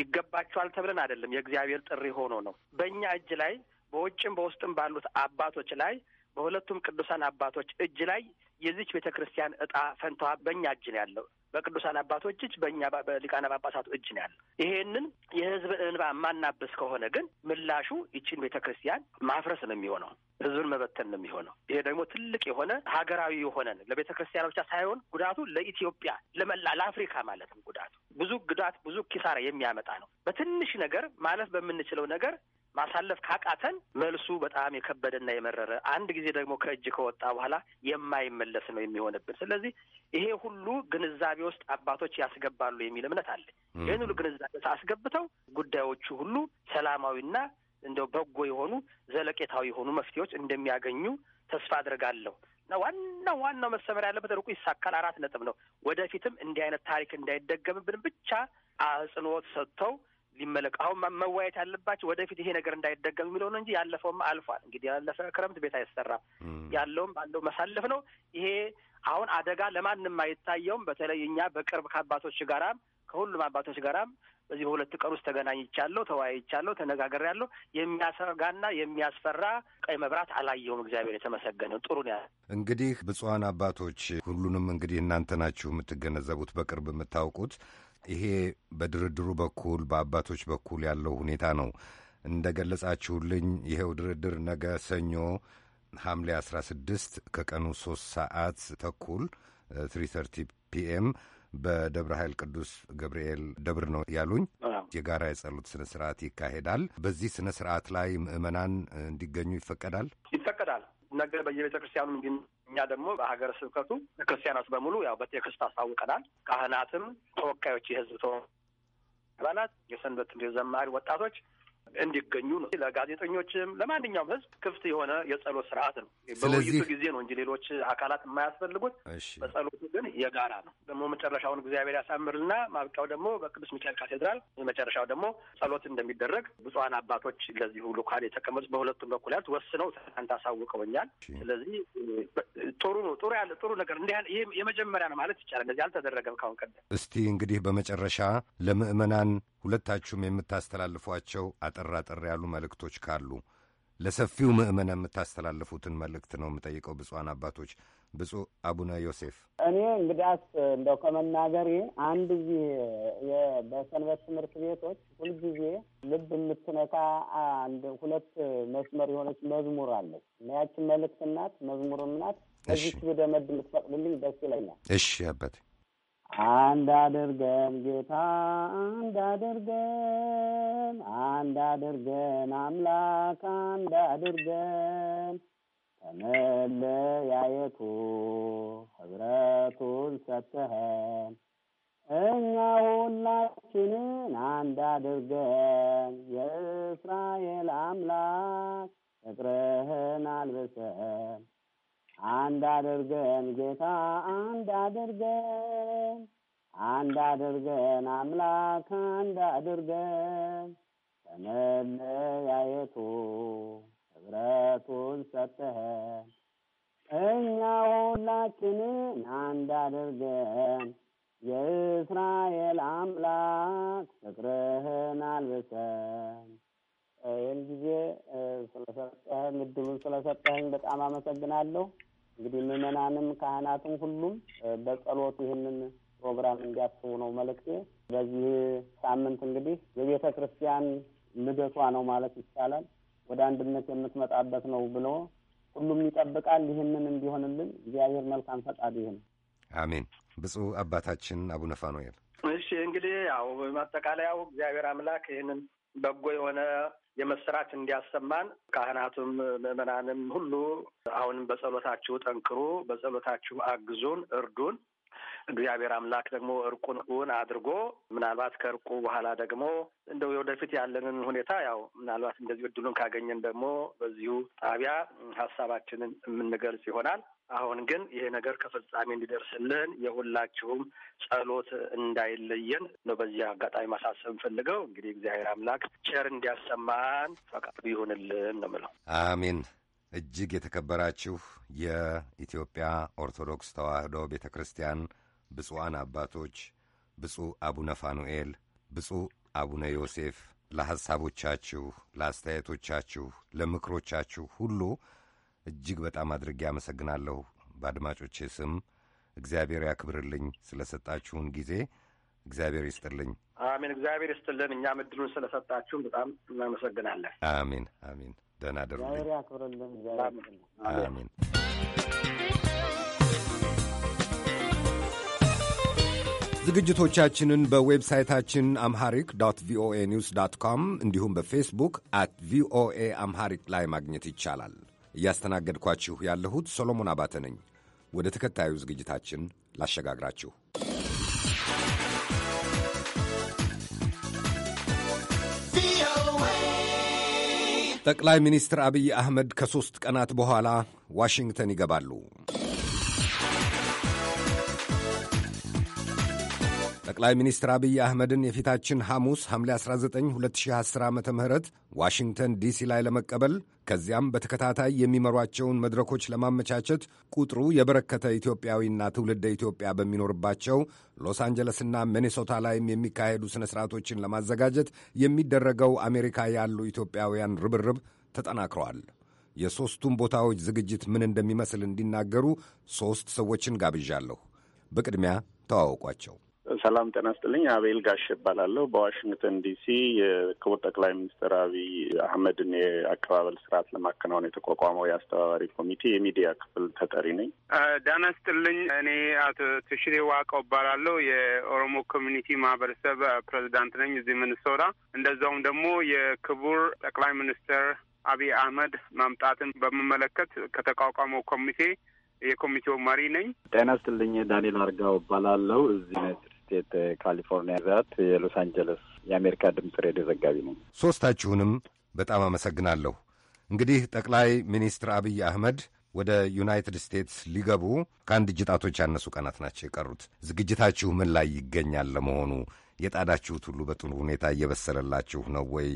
S3: ይገባቸዋል ተብለን አይደለም፣ የእግዚአብሔር ጥሪ ሆኖ ነው በእኛ እጅ ላይ በውጭም በውስጥም ባሉት አባቶች ላይ በሁለቱም ቅዱሳን አባቶች እጅ ላይ የዚች ቤተ ክርስቲያን እጣ ፈንታዋ በእኛ እጅ ነው ያለው። በቅዱሳን አባቶች እጅ በእኛ በሊቃነ ጳጳሳቱ እጅ ነው ያለ። ይሄንን የህዝብ እንባ ማናበስ ከሆነ ግን ምላሹ ይችን ቤተ ክርስቲያን ማፍረስ ነው የሚሆነው፣ ህዝብን መበተን ነው የሚሆነው። ይሄ ደግሞ ትልቅ የሆነ ሀገራዊ የሆነ ለቤተ ክርስቲያን ብቻ ሳይሆን ጉዳቱ ለኢትዮጵያ ለመላ ለአፍሪካ ማለት ነው። ጉዳቱ ብዙ ጉዳት ብዙ ኪሳራ የሚያመጣ ነው። በትንሽ ነገር ማለት በምንችለው ነገር ማሳለፍ ካቃተን መልሱ በጣም የከበደና የመረረ አንድ ጊዜ ደግሞ ከእጅ ከወጣ በኋላ የማይመለስ ነው የሚሆንብን። ስለዚህ ይሄ ሁሉ ግንዛቤ ውስጥ አባቶች ያስገባሉ የሚል እምነት አለ። ይህን ሁሉ ግንዛቤ አስገብተው ጉዳዮቹ ሁሉ ሰላማዊና እንደው በጎ የሆኑ ዘለቄታዊ የሆኑ መፍትሄዎች እንደሚያገኙ ተስፋ አድርጋለሁ። እና ዋናው ዋናው መሰመር ያለበት ርቁ ይሳካል አራት ነጥብ ነው። ወደፊትም እንዲህ አይነት ታሪክ እንዳይደገምብን ብቻ አጽንኦት ሰጥተው ሊመለቅ አሁን መወያየት ያለባቸው ወደፊት ይሄ ነገር እንዳይደገም የሚለው ነው እንጂ ያለፈውም አልፏል። እንግዲህ ያለፈ ክረምት ቤት አይሰራም። ያለውም ባለው መሳለፍ ነው። ይሄ አሁን አደጋ ለማንም አይታየውም። በተለይ እኛ በቅርብ ከአባቶች ጋራም ከሁሉም አባቶች ጋራም በዚህ በሁለት ቀን ውስጥ ተገናኝቻለሁ፣ ተወያይቻለሁ፣ ተነጋግሬያለሁ። የሚያሰጋና የሚያስፈራ ቀይ መብራት አላየውም። እግዚአብሔር የተመሰገነ ጥሩ ነው።
S1: እንግዲህ ብፁዓን አባቶች ሁሉንም እንግዲህ እናንተ ናችሁ የምትገነዘቡት በቅርብ የምታውቁት ይሄ በድርድሩ በኩል በአባቶች በኩል ያለው ሁኔታ ነው። እንደ ገለጻችሁልኝ ይኸው ድርድር ነገ ሰኞ ሐምሌ 16 ከቀኑ 3 ሰዓት ተኩል 3:30 ፒኤም በደብረ ኃይል ቅዱስ ገብርኤል ደብር ነው ያሉኝ። የጋራ የጸሎት ስነ ስርዓት ይካሄዳል። በዚህ ስነ ስርዓት ላይ ምእመናን እንዲገኙ ይፈቀዳል
S3: ይፈቀዳል። ነገ በየቤተ ክርስቲያኑ እኛ ደግሞ በሀገረ ስብከቱ ክርስቲያኖች በሙሉ ያው በቴክስት አስታውቀናል። ካህናትም፣ ተወካዮች፣ የህዝብ ተወ አባላት፣ የሰንበት ዘማሪ ወጣቶች እንዲገኙ ነው። ለጋዜጠኞችም ለማንኛውም ህዝብ ክፍት የሆነ የጸሎት ስርዓት ነው። በውይይቱ ጊዜ ነው እንጂ ሌሎች አካላት የማያስፈልጉት። በጸሎቱ ግን የጋራ ነው። ደግሞ መጨረሻውን እግዚአብሔር ያሳምርና ማብቂያው ደግሞ በቅዱስ ሚካኤል ካቴድራል መጨረሻው ደግሞ ጸሎት እንደሚደረግ ብፁዓን አባቶች ለዚሁ ልኡካን የተቀመጡት በሁለቱም በኩል ያሉት ወስነው ትናንት አሳውቀውኛል። ስለዚህ ጥሩ ነው። ጥሩ ያለ ጥሩ ነገር እንዲህ ይህ የመጀመሪያ ነው ማለት ይቻላል። እንደዚህ አልተደረገም ካሁን ቀደም።
S1: እስቲ እንግዲህ በመጨረሻ ለምእመናን ሁለታችሁም የምታስተላልፏቸው አጠር አጠር ያሉ መልእክቶች ካሉ ለሰፊው ምእመን የምታስተላልፉትን መልእክት ነው የምጠይቀው። ብፁዓን አባቶች ብፁዕ አቡነ ዮሴፍ፣
S2: እኔ እንግዲያስ እንደው ከመናገሬ አንድ ጊዜ በሰንበት ትምህርት ቤቶች ሁልጊዜ ልብ የምትነካ አንድ ሁለት መስመር የሆነች መዝሙር አለች። ያችን መልእክት ናት፣ መዝሙርም ናት። በዚች ብደመድ ደስ ይለኛል። እሺ አባቴ አንድ አድርገን ጌታ አንድ አድርገን አንድ አድርገን አምላክ አንድ አድርገን ከመለያየቱ ህብረቱን ሰጥተኸን እኛ ሁላችንን አንድ አድርገን የእስራኤል አምላክ ፍቅርህን አልብሰን አንድ አድርገን ጌታ አንድ አድርገን አንድ አድርገን አምላክ አንድ አድርገን ከመለያየቱ ህብረቱን ሰጠህን እኛ ሁላችንን አንድ አድርገን የእስራኤል አምላክ ፍቅርህን አልብሰን። ይህን ጊዜ ስለሰጠህን እድሉን ስለሰጠህኝ በጣም አመሰግናለሁ። እንግዲህ ምዕመናንም ካህናትም ሁሉም በጸሎት ይህንን ፕሮግራም እንዲያስቡ ነው መልእክቴ። በዚህ ሳምንት እንግዲህ የቤተ ክርስቲያን ልደቷ ነው ማለት ይቻላል። ወደ አንድነት የምትመጣበት ነው ብሎ ሁሉም ይጠብቃል። ይህንን
S3: እንዲሆንልን እግዚአብሔር መልካም ፈቃድ ይህ ነው።
S1: አሜን። ብፁዕ አባታችን አቡነ ፋኖኤል።
S3: እሺ እንግዲህ ያው ማጠቃለያው እግዚአብሔር አምላክ ይህንን በጎ የሆነ የምስራች እንዲያሰማን ካህናቱም ምዕመናንም ሁሉ አሁንም በጸሎታችሁ ጠንክሩ፣ በጸሎታችሁ አግዙን፣ እርዱን። እግዚአብሔር አምላክ ደግሞ እርቁን እውን አድርጎ ምናልባት ከእርቁ በኋላ ደግሞ እንደው ወደፊት ያለንን ሁኔታ ያው ምናልባት እንደዚህ እድሉን ካገኘን ደግሞ በዚሁ ጣቢያ ሀሳባችንን የምንገልጽ ይሆናል። አሁን ግን ይሄ ነገር ከፍጻሜ እንዲደርስልን የሁላችሁም ጸሎት እንዳይለየን ነው በዚህ አጋጣሚ ማሳሰብ እንፈልገው። እንግዲህ እግዚአብሔር አምላክ ቸር እንዲያሰማን ፈቃዱ ይሁንልን ነው ምለው።
S1: አሜን። እጅግ የተከበራችሁ የኢትዮጵያ ኦርቶዶክስ ተዋህዶ ቤተ ክርስቲያን ብፁዓን አባቶች ብፁዕ አቡነ ፋኑኤል፣ ብፁዕ አቡነ ዮሴፍ ለሐሳቦቻችሁ፣ ለአስተያየቶቻችሁ፣ ለምክሮቻችሁ ሁሉ እጅግ በጣም አድርጌ አመሰግናለሁ። በአድማጮቼ ስም እግዚአብሔር ያክብርልኝ። ስለ ሰጣችሁን ጊዜ እግዚአብሔር ይስጥልኝ።
S3: አሜን። እግዚአብሔር ይስጥልን። እኛም እድሉን ስለ ሰጣችሁን በጣም እናመሰግናለን።
S1: አሜን። አሜን። ደህና ደሩ። አሜን። ዝግጅቶቻችንን በዌብሳይታችን አምሃሪክ ዶት ቪኦኤ ኒውስ ዶት ኮም እንዲሁም በፌስቡክ አት ቪኦኤ አምሃሪክ ላይ ማግኘት ይቻላል። እያስተናገድኳችሁ ያለሁት ሰሎሞን አባተ ነኝ። ወደ ተከታዩ ዝግጅታችን ላሸጋግራችሁ። ጠቅላይ ሚኒስትር አብይ አህመድ ከሦስት ቀናት በኋላ ዋሽንግተን ይገባሉ። ጠቅላይ ሚኒስትር አብይ አህመድን የፊታችን ሐሙስ ሐምሌ 19 2010 ዓ ም ዋሽንግተን ዲሲ ላይ ለመቀበል ከዚያም በተከታታይ የሚመሯቸውን መድረኮች ለማመቻቸት ቁጥሩ የበረከተ ኢትዮጵያዊና ትውልደ ኢትዮጵያ በሚኖርባቸው ሎስ አንጀለስና ሚኔሶታ ላይም የሚካሄዱ ሥነ ሥርዓቶችን ለማዘጋጀት የሚደረገው አሜሪካ ያሉ ኢትዮጵያውያን ርብርብ ተጠናክረዋል። የሦስቱም ቦታዎች ዝግጅት ምን እንደሚመስል እንዲናገሩ ሦስት ሰዎችን ጋብዣለሁ። በቅድሚያ ተዋወቋቸው።
S7: ሰላም ጤና ስጥልኝ። አቤል ጋሽ እባላለሁ። በዋሽንግተን ዲሲ የክቡር ጠቅላይ ሚኒስትር አብይ አህመድን የአቀባበል ስርዓት ለማከናወን የተቋቋመው የአስተባባሪ ኮሚቴ የሚዲያ ክፍል ተጠሪ ነኝ።
S8: ዳና ስጥልኝ። እኔ አቶ ትሽሬ ዋቀው እባላለሁ። የኦሮሞ ኮሚኒቲ ማህበረሰብ ፕሬዚዳንት ነኝ እዚህ ምንሶታ። እንደዛውም ደግሞ የክቡር ጠቅላይ ሚኒስትር አብይ አህመድ ማምጣትን በምመለከት ከተቋቋመው ኮሚቴ
S9: የኮሚቴው መሪ ነኝ። ጤና ይስጥልኝ። ዳንኤል አርጋው እባላለሁ እዚህ ዩናይትድ ስቴት ካሊፎርኒያ ግዛት የሎስ አንጀለስ የአሜሪካ ድምፅ ሬዲዮ ዘጋቢ ነው።
S1: ሦስታችሁንም በጣም አመሰግናለሁ። እንግዲህ ጠቅላይ ሚኒስትር አብይ አህመድ ወደ ዩናይትድ ስቴትስ ሊገቡ ከአንድ እጅ ጣቶች ያነሱ ቀናት ናቸው የቀሩት። ዝግጅታችሁ ምን ላይ ይገኛል? ለመሆኑ የጣዳችሁት ሁሉ በጥሩ ሁኔታ እየበሰለላችሁ ነው ወይ?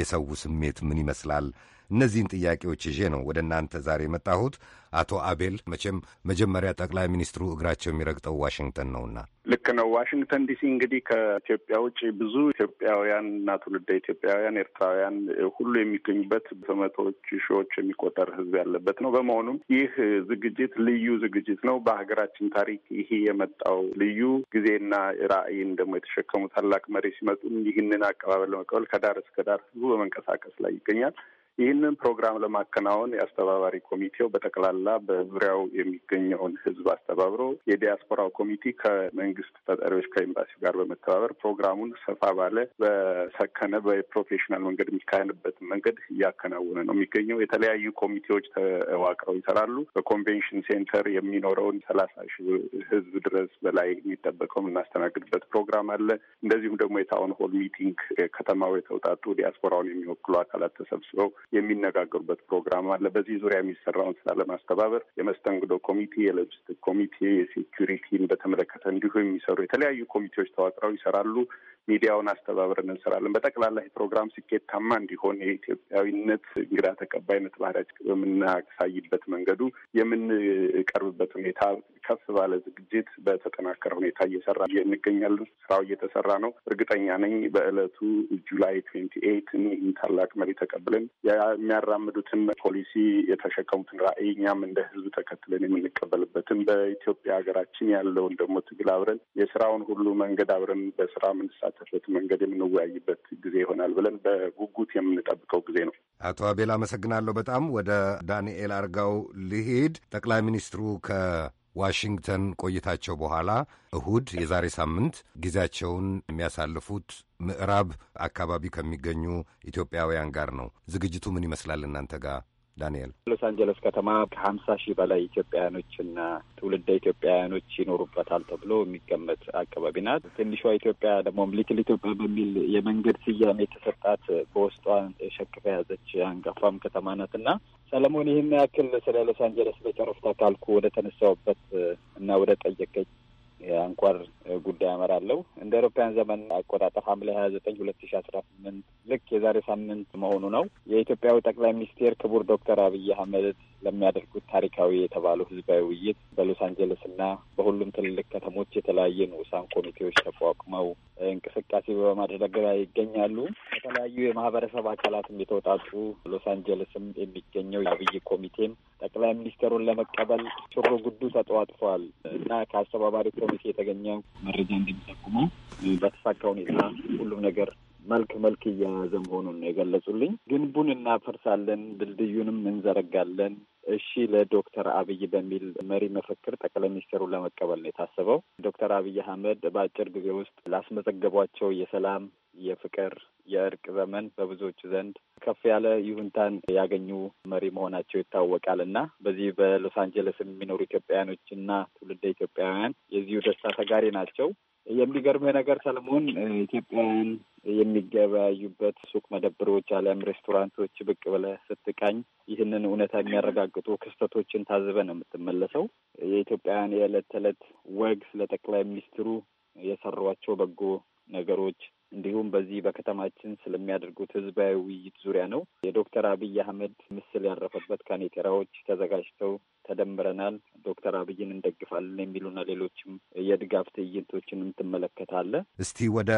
S1: የሰው ስሜት ምን ይመስላል? እነዚህን ጥያቄዎች ይዤ ነው ወደ እናንተ ዛሬ የመጣሁት። አቶ አቤል መቼም መጀመሪያ ጠቅላይ ሚኒስትሩ እግራቸው የሚረግጠው ዋሽንግተን ነውና
S7: ልክ ነው። ዋሽንግተን ዲሲ እንግዲህ ከኢትዮጵያ ውጭ ብዙ ኢትዮጵያውያን እና ትውልደ ኢትዮጵያውያን፣ ኤርትራውያን ሁሉ የሚገኙበት በመቶዎች ሺዎች የሚቆጠር ሕዝብ ያለበት ነው። በመሆኑም ይህ ዝግጅት ልዩ ዝግጅት ነው። በሀገራችን ታሪክ ይሄ የመጣው ልዩ ጊዜና ራዕይን ደግሞ የተሸከሙ ታላቅ መሪ ሲመጡ ይህንን አቀባበል ለመቀበል ከዳር እስከ ዳር በመንቀሳቀስ ላይ ይገኛል። ይህንን ፕሮግራም ለማከናወን የአስተባባሪ ኮሚቴው በጠቅላላ በዙሪያው የሚገኘውን ህዝብ አስተባብሮ የዲያስፖራ ኮሚቴ ከመንግስት ተጠሪዎች ከኤምባሲው ጋር በመተባበር ፕሮግራሙን ሰፋ ባለ በሰከነ በፕሮፌሽናል መንገድ የሚካሄንበት መንገድ እያከናወነ ነው የሚገኘው። የተለያዩ ኮሚቴዎች ተዋቅረው ይሰራሉ። በኮንቬንሽን ሴንተር የሚኖረውን ሰላሳ ሺ ህዝብ ድረስ በላይ የሚጠበቀው የምናስተናግድበት ፕሮግራም አለ። እንደዚሁም ደግሞ የታውን ሆል ሚቲንግ ከተማው የተውጣጡ ዲያስፖራውን የሚወክሉ አካላት ተሰብስበው የሚነጋገሩበት ፕሮግራም አለ። በዚህ ዙሪያ የሚሰራውን ስራ ለማስተባበር የመስተንግዶ ኮሚቴ፣ የሎጂስቲክ ኮሚቴ፣ የሴኪሪቲን በተመለከተ እንዲሁ የሚሰሩ የተለያዩ ኮሚቴዎች ተዋቅረው ይሰራሉ። ሚዲያውን አስተባብረን እንሰራለን። በጠቅላላ ፕሮግራም ስኬታማ እንዲሆን የኢትዮጵያዊነት እንግዳ ተቀባይነት ባህሪያችን በምናሳይበት መንገዱ የምንቀርብበት ሁኔታ ከፍ ባለ ዝግጅት በተጠናከረ ሁኔታ እየሰራ እንገኛለን። ስራው እየተሰራ ነው። እርግጠኛ ነኝ በእለቱ ጁላይ ትዌንቲ ኤይት እኒህን ታላቅ መሪ ተቀብለን የሚያራምዱትን ፖሊሲ የተሸከሙትን ራዕይ እኛም እንደ ህዝብ ተከትለን የምንቀበልበትን በኢትዮጵያ ሀገራችን ያለውን ደግሞ ትግል አብረን የስራውን ሁሉ መንገድ አብረን በስራ ምንሳ በተሳተፉበት መንገድ የምንወያይበት ጊዜ ይሆናል ብለን በጉጉት የምንጠብቀው ጊዜ ነው።
S1: አቶ አቤል አመሰግናለሁ በጣም ወደ ዳንኤል አርጋው ልሂድ። ጠቅላይ ሚኒስትሩ ከዋሽንግተን ቆይታቸው በኋላ እሁድ የዛሬ ሳምንት ጊዜያቸውን የሚያሳልፉት ምዕራብ አካባቢ ከሚገኙ ኢትዮጵያውያን ጋር ነው። ዝግጅቱ ምን ይመስላል እናንተ ጋር? ዳንኤል
S9: ሎስ አንጀለስ ከተማ ከሀምሳ ሺህ በላይ ኢትዮጵያውያኖችና ትውልደ ኢትዮጵያውያኖች ይኖሩበታል ተብሎ የሚገመት አካባቢ ናት። ትንሿ ኢትዮጵያ ደግሞ ሊትል ኢትዮጵያ በሚል የመንገድ ስያሜ የተሰጣት በውስጧ ሸክፈ የያዘች አንጋፋም ከተማ ናት እና ሰለሞን ይህን ያክል ስለ ሎስ አንጀለስ በጨረፍታ ካልኩ ወደ ተነሳውበት እና ወደ ጠየቀኝ የአንኳር ጉዳይ አመራለሁ። እንደ አውሮፓውያን ዘመን አቆጣጠር ሐምሌ ሀያ ዘጠኝ ሁለት ሺ አስራ ስምንት ልክ የዛሬ ሳምንት መሆኑ ነው። የኢትዮጵያዊ ጠቅላይ ሚኒስቴር ክቡር ዶክተር አብይ አህመድ ለሚያደርጉት ታሪካዊ የተባለው ህዝባዊ ውይይት በሎስ አንጀለስ እና በሁሉም ትልልቅ ከተሞች የተለያየ ንዑሳን ኮሚቴዎች ተቋቁመው እንቅስቃሴ በማድረግ ላይ ይገኛሉ። ከተለያዩ የማህበረሰብ አካላትም የተውጣጡ ሎስ አንጀለስም የሚገኘው የአብይ ኮሚቴም ጠቅላይ ሚኒስትሩን ለመቀበል ሽሮ ጉዱ ተጧጥፏል እና ከአስተባባሪ ኮሚቴ የተገኘው መረጃ እንደሚጠቁመው በተሳካ ሁኔታ ሁሉም ነገር መልክ መልክ እየያዘ መሆኑን ነው የገለጹልኝ። ግንቡን እናፈርሳለን፣ ድልድዩንም እንዘረጋለን፣ እሺ ለዶክተር አብይ በሚል መሪ መፈክር ጠቅላይ ሚኒስትሩን ለመቀበል ነው የታሰበው። ዶክተር አብይ አህመድ በአጭር ጊዜ ውስጥ ላስመዘገቧቸው የሰላም፣ የፍቅር፣ የእርቅ ዘመን በብዙዎቹ ዘንድ ከፍ ያለ ይሁንታን ያገኙ መሪ መሆናቸው ይታወቃል እና በዚህ በሎስ አንጀለስ የሚኖሩ እና ትውልደ ኢትዮጵያውያን የዚሁ ደስታ ተጋሪ ናቸው። የሚገርመ ነገር ሰለሞን ኢትዮጵያውያን የሚገበያዩበት ሱቅ መደብሮች፣ አሊያም ሬስቶራንቶች ብቅ ብለህ ስትቃኝ ይህንን እውነታ የሚያረጋግጡ ክስተቶችን ታዝበ ነው የምትመለሰው። የኢትዮጵያውያን የዕለት ተዕለት ወግ ስለ ጠቅላይ ሚኒስትሩ የሰሯቸው በጎ ነገሮች እንዲሁም በዚህ በከተማችን ስለሚያደርጉት ህዝባዊ ውይይት ዙሪያ ነው። የዶክተር አብይ አህመድ ምስል ያረፈበት ካኔቴራዎች ተዘጋጅተው ተደምረናል። ዶክተር አብይን እንደግፋለን የሚሉና ሌሎችም የድጋፍ ትዕይንቶችንም ትመለከታለ።
S1: እስቲ ወደ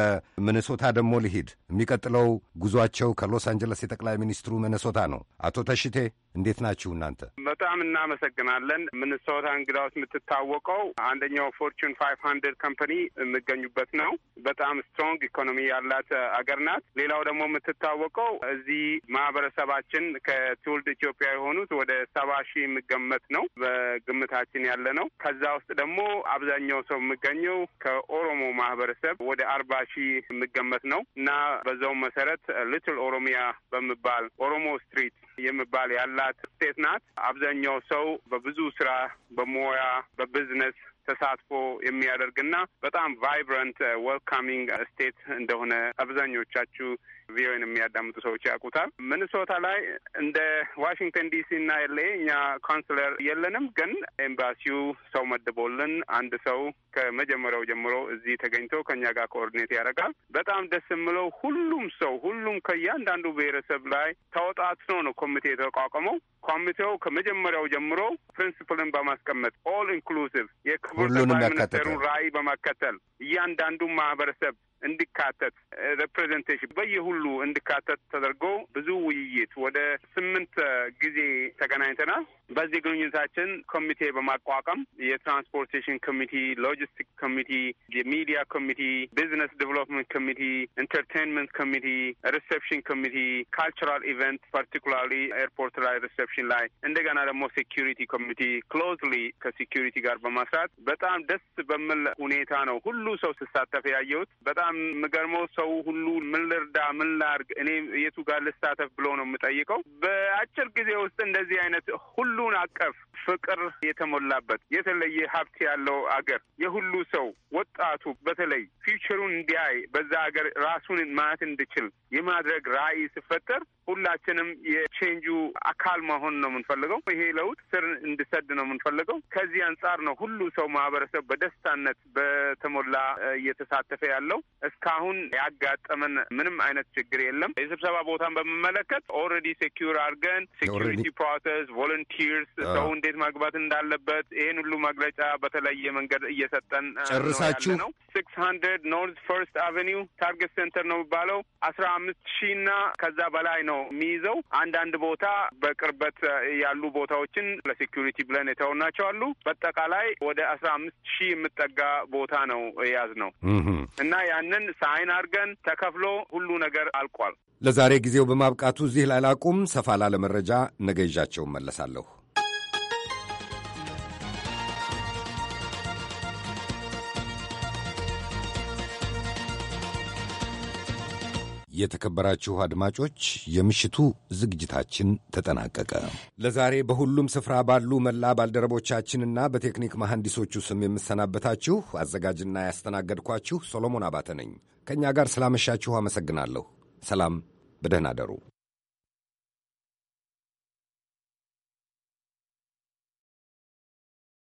S1: ሚኒሶታ ደግሞ ልሂድ። የሚቀጥለው ጉዟቸው ከሎስ አንጀለስ የጠቅላይ ሚኒስትሩ ሚኒሶታ ነው። አቶ ተሽቴ እንዴት ናችሁ እናንተ?
S8: በጣም እናመሰግናለን። ሚኒሶታ እንግዳዎች የምትታወቀው አንደኛው ፎርቹን ፋይቭ ሀንድርድ ከምፐኒ የሚገኙበት ነው። በጣም ስትሮንግ ኢኮኖሚ ያላት አገር ናት። ሌላው ደግሞ የምትታወቀው እዚህ ማህበረሰባችን ከትውልድ ኢትዮጵያ የሆኑት ወደ ሰባ ሺህ የሚገመት ነው በግምታችን ያለ ነው። ከዛ ውስጥ ደግሞ አብዛኛው ሰው የሚገኘው ከኦሮሞ ማህበረሰብ ወደ አርባ ሺህ የሚገመት ነው እና በዛው መሰረት ሊትል ኦሮሚያ በሚባል ኦሮሞ ስትሪት የሚባል ያላት ስቴት ናት። አብዛኛው ሰው በብዙ ስራ፣ በሙያ፣ በቢዝነስ ተሳትፎ የሚያደርግና በጣም ቫይብረንት ዌልካሚንግ uh, ስቴት uh, እንደሆነ አብዛኞቻችሁ ቪኦኤን የሚያዳምጡ ሰዎች ያውቁታል። ሚኒሶታ ላይ እንደ ዋሽንግተን ዲሲ እና ኤልኤ እኛ ካውንስለር የለንም፣ ግን ኤምባሲው ሰው መድቦልን አንድ ሰው ከመጀመሪያው ጀምሮ እዚህ ተገኝቶ ከእኛ ጋር ኮኦርዲኔት ያደርጋል። በጣም ደስ የምለው ሁሉም ሰው ሁሉም ከእያንዳንዱ ብሔረሰብ ላይ ተወጣትኖ ነው ኮሚቴ የተቋቋመው። ኮሚቴው ከመጀመሪያው ጀምሮ ፕሪንስፕልን በማስቀመጥ ኦል ኢንክሉሲቭ የክቡር ጠቅላይ ሚኒስትሩን ራዕይ በማከተል እያንዳንዱ ማህበረሰብ እንዲካተት ሬፕሬዘንቴሽን በየሁሉ እንዲካተት ተደርጎ ብዙ ውይይት ወደ ስምንት ጊዜ ተገናኝተናል። በዚህ ግንኙነታችን ኮሚቴ በማቋቋም የትራንስፖርቴሽን ኮሚቲ፣ ሎጂስቲክ ኮሚቲ፣ የሚዲያ ኮሚቲ፣ ቢዝነስ ዲቨሎፕመንት ኮሚቲ፣ ኢንተርቴንመንት ኮሚቲ፣ ሪሴፕሽን ኮሚቲ፣ ካልቸራል ኢቨንት ፓርቲኩላርሊ ኤርፖርት ላይ ሪሴፕሽን ላይ እንደገና ደግሞ ሴኪሪቲ ኮሚቲ ክሎዝሊ ከሴኪሪቲ ጋር በማስራት በጣም ደስ በሚል ሁኔታ ነው ሁሉ ሰው ሲሳተፍ ያየሁት በጣም በጣም የምገርመው ሰው ሁሉ ምን ልርዳ፣ ምን ላርግ፣ እኔ የቱ ጋር ልሳተፍ ብሎ ነው የምጠይቀው። በአጭር ጊዜ ውስጥ እንደዚህ አይነት ሁሉን አቀፍ ፍቅር የተሞላበት የተለየ ሀብት ያለው አገር የሁሉ ሰው ወጣቱ በተለይ ፊውቸሩን እንዲያይ በዛ ሀገር ራሱን ማየት እንዲችል የማድረግ ራዕይ ስፈጠር ሁላችንም የቼንጁ አካል መሆን ነው የምንፈልገው። ይሄ ለውጥ ስር እንዲሰድ ነው የምንፈልገው። ከዚህ አንጻር ነው ሁሉ ሰው ማህበረሰብ በደስታነት በተሞላ እየተሳተፈ ያለው። እስካሁን ያጋጠመን ምንም አይነት ችግር የለም። የስብሰባ ቦታን በሚመለከት ኦልሬዲ ሴኪር አድርገን ሴኪሪቲ ፕሮሰስ ቮለንቲርስ፣ ሰው እንዴት ማግባት እንዳለበት ይሄን ሁሉ መግለጫ በተለየ መንገድ እየሰጠን ጨርሳችሁ ነው ሲክስ ሀንድረድ ኖርዝ ፈርስት አቨኒው ታርጌት ሴንተር ነው የሚባለው አስራ አምስት ሺህ እና ከዛ በላይ ነው ነው የሚይዘው። አንዳንድ ቦታ በቅርበት ያሉ ቦታዎችን ለሴኪሪቲ ብለን የተውናቸው አሉ። በአጠቃላይ ወደ አስራ አምስት ሺህ የምጠጋ ቦታ ነው የያዝ ነው እና ያንን ሳይን አድርገን ተከፍሎ ሁሉ ነገር አልቋል።
S1: ለዛሬ ጊዜው በማብቃቱ እዚህ ላይ ላቁም። ሰፋ ላለ መረጃ ነገ መለሳለሁ። የተከበራችሁ አድማጮች የምሽቱ ዝግጅታችን ተጠናቀቀ። ለዛሬ በሁሉም ስፍራ ባሉ መላ ባልደረቦቻችንና በቴክኒክ መሐንዲሶቹ ስም የምሰናበታችሁ አዘጋጅና ያስተናገድኳችሁ ሶሎሞን አባተ ነኝ። ከእኛ ጋር ስላመሻችሁ አመሰግናለሁ። ሰላም፣ በደህና አደሩ።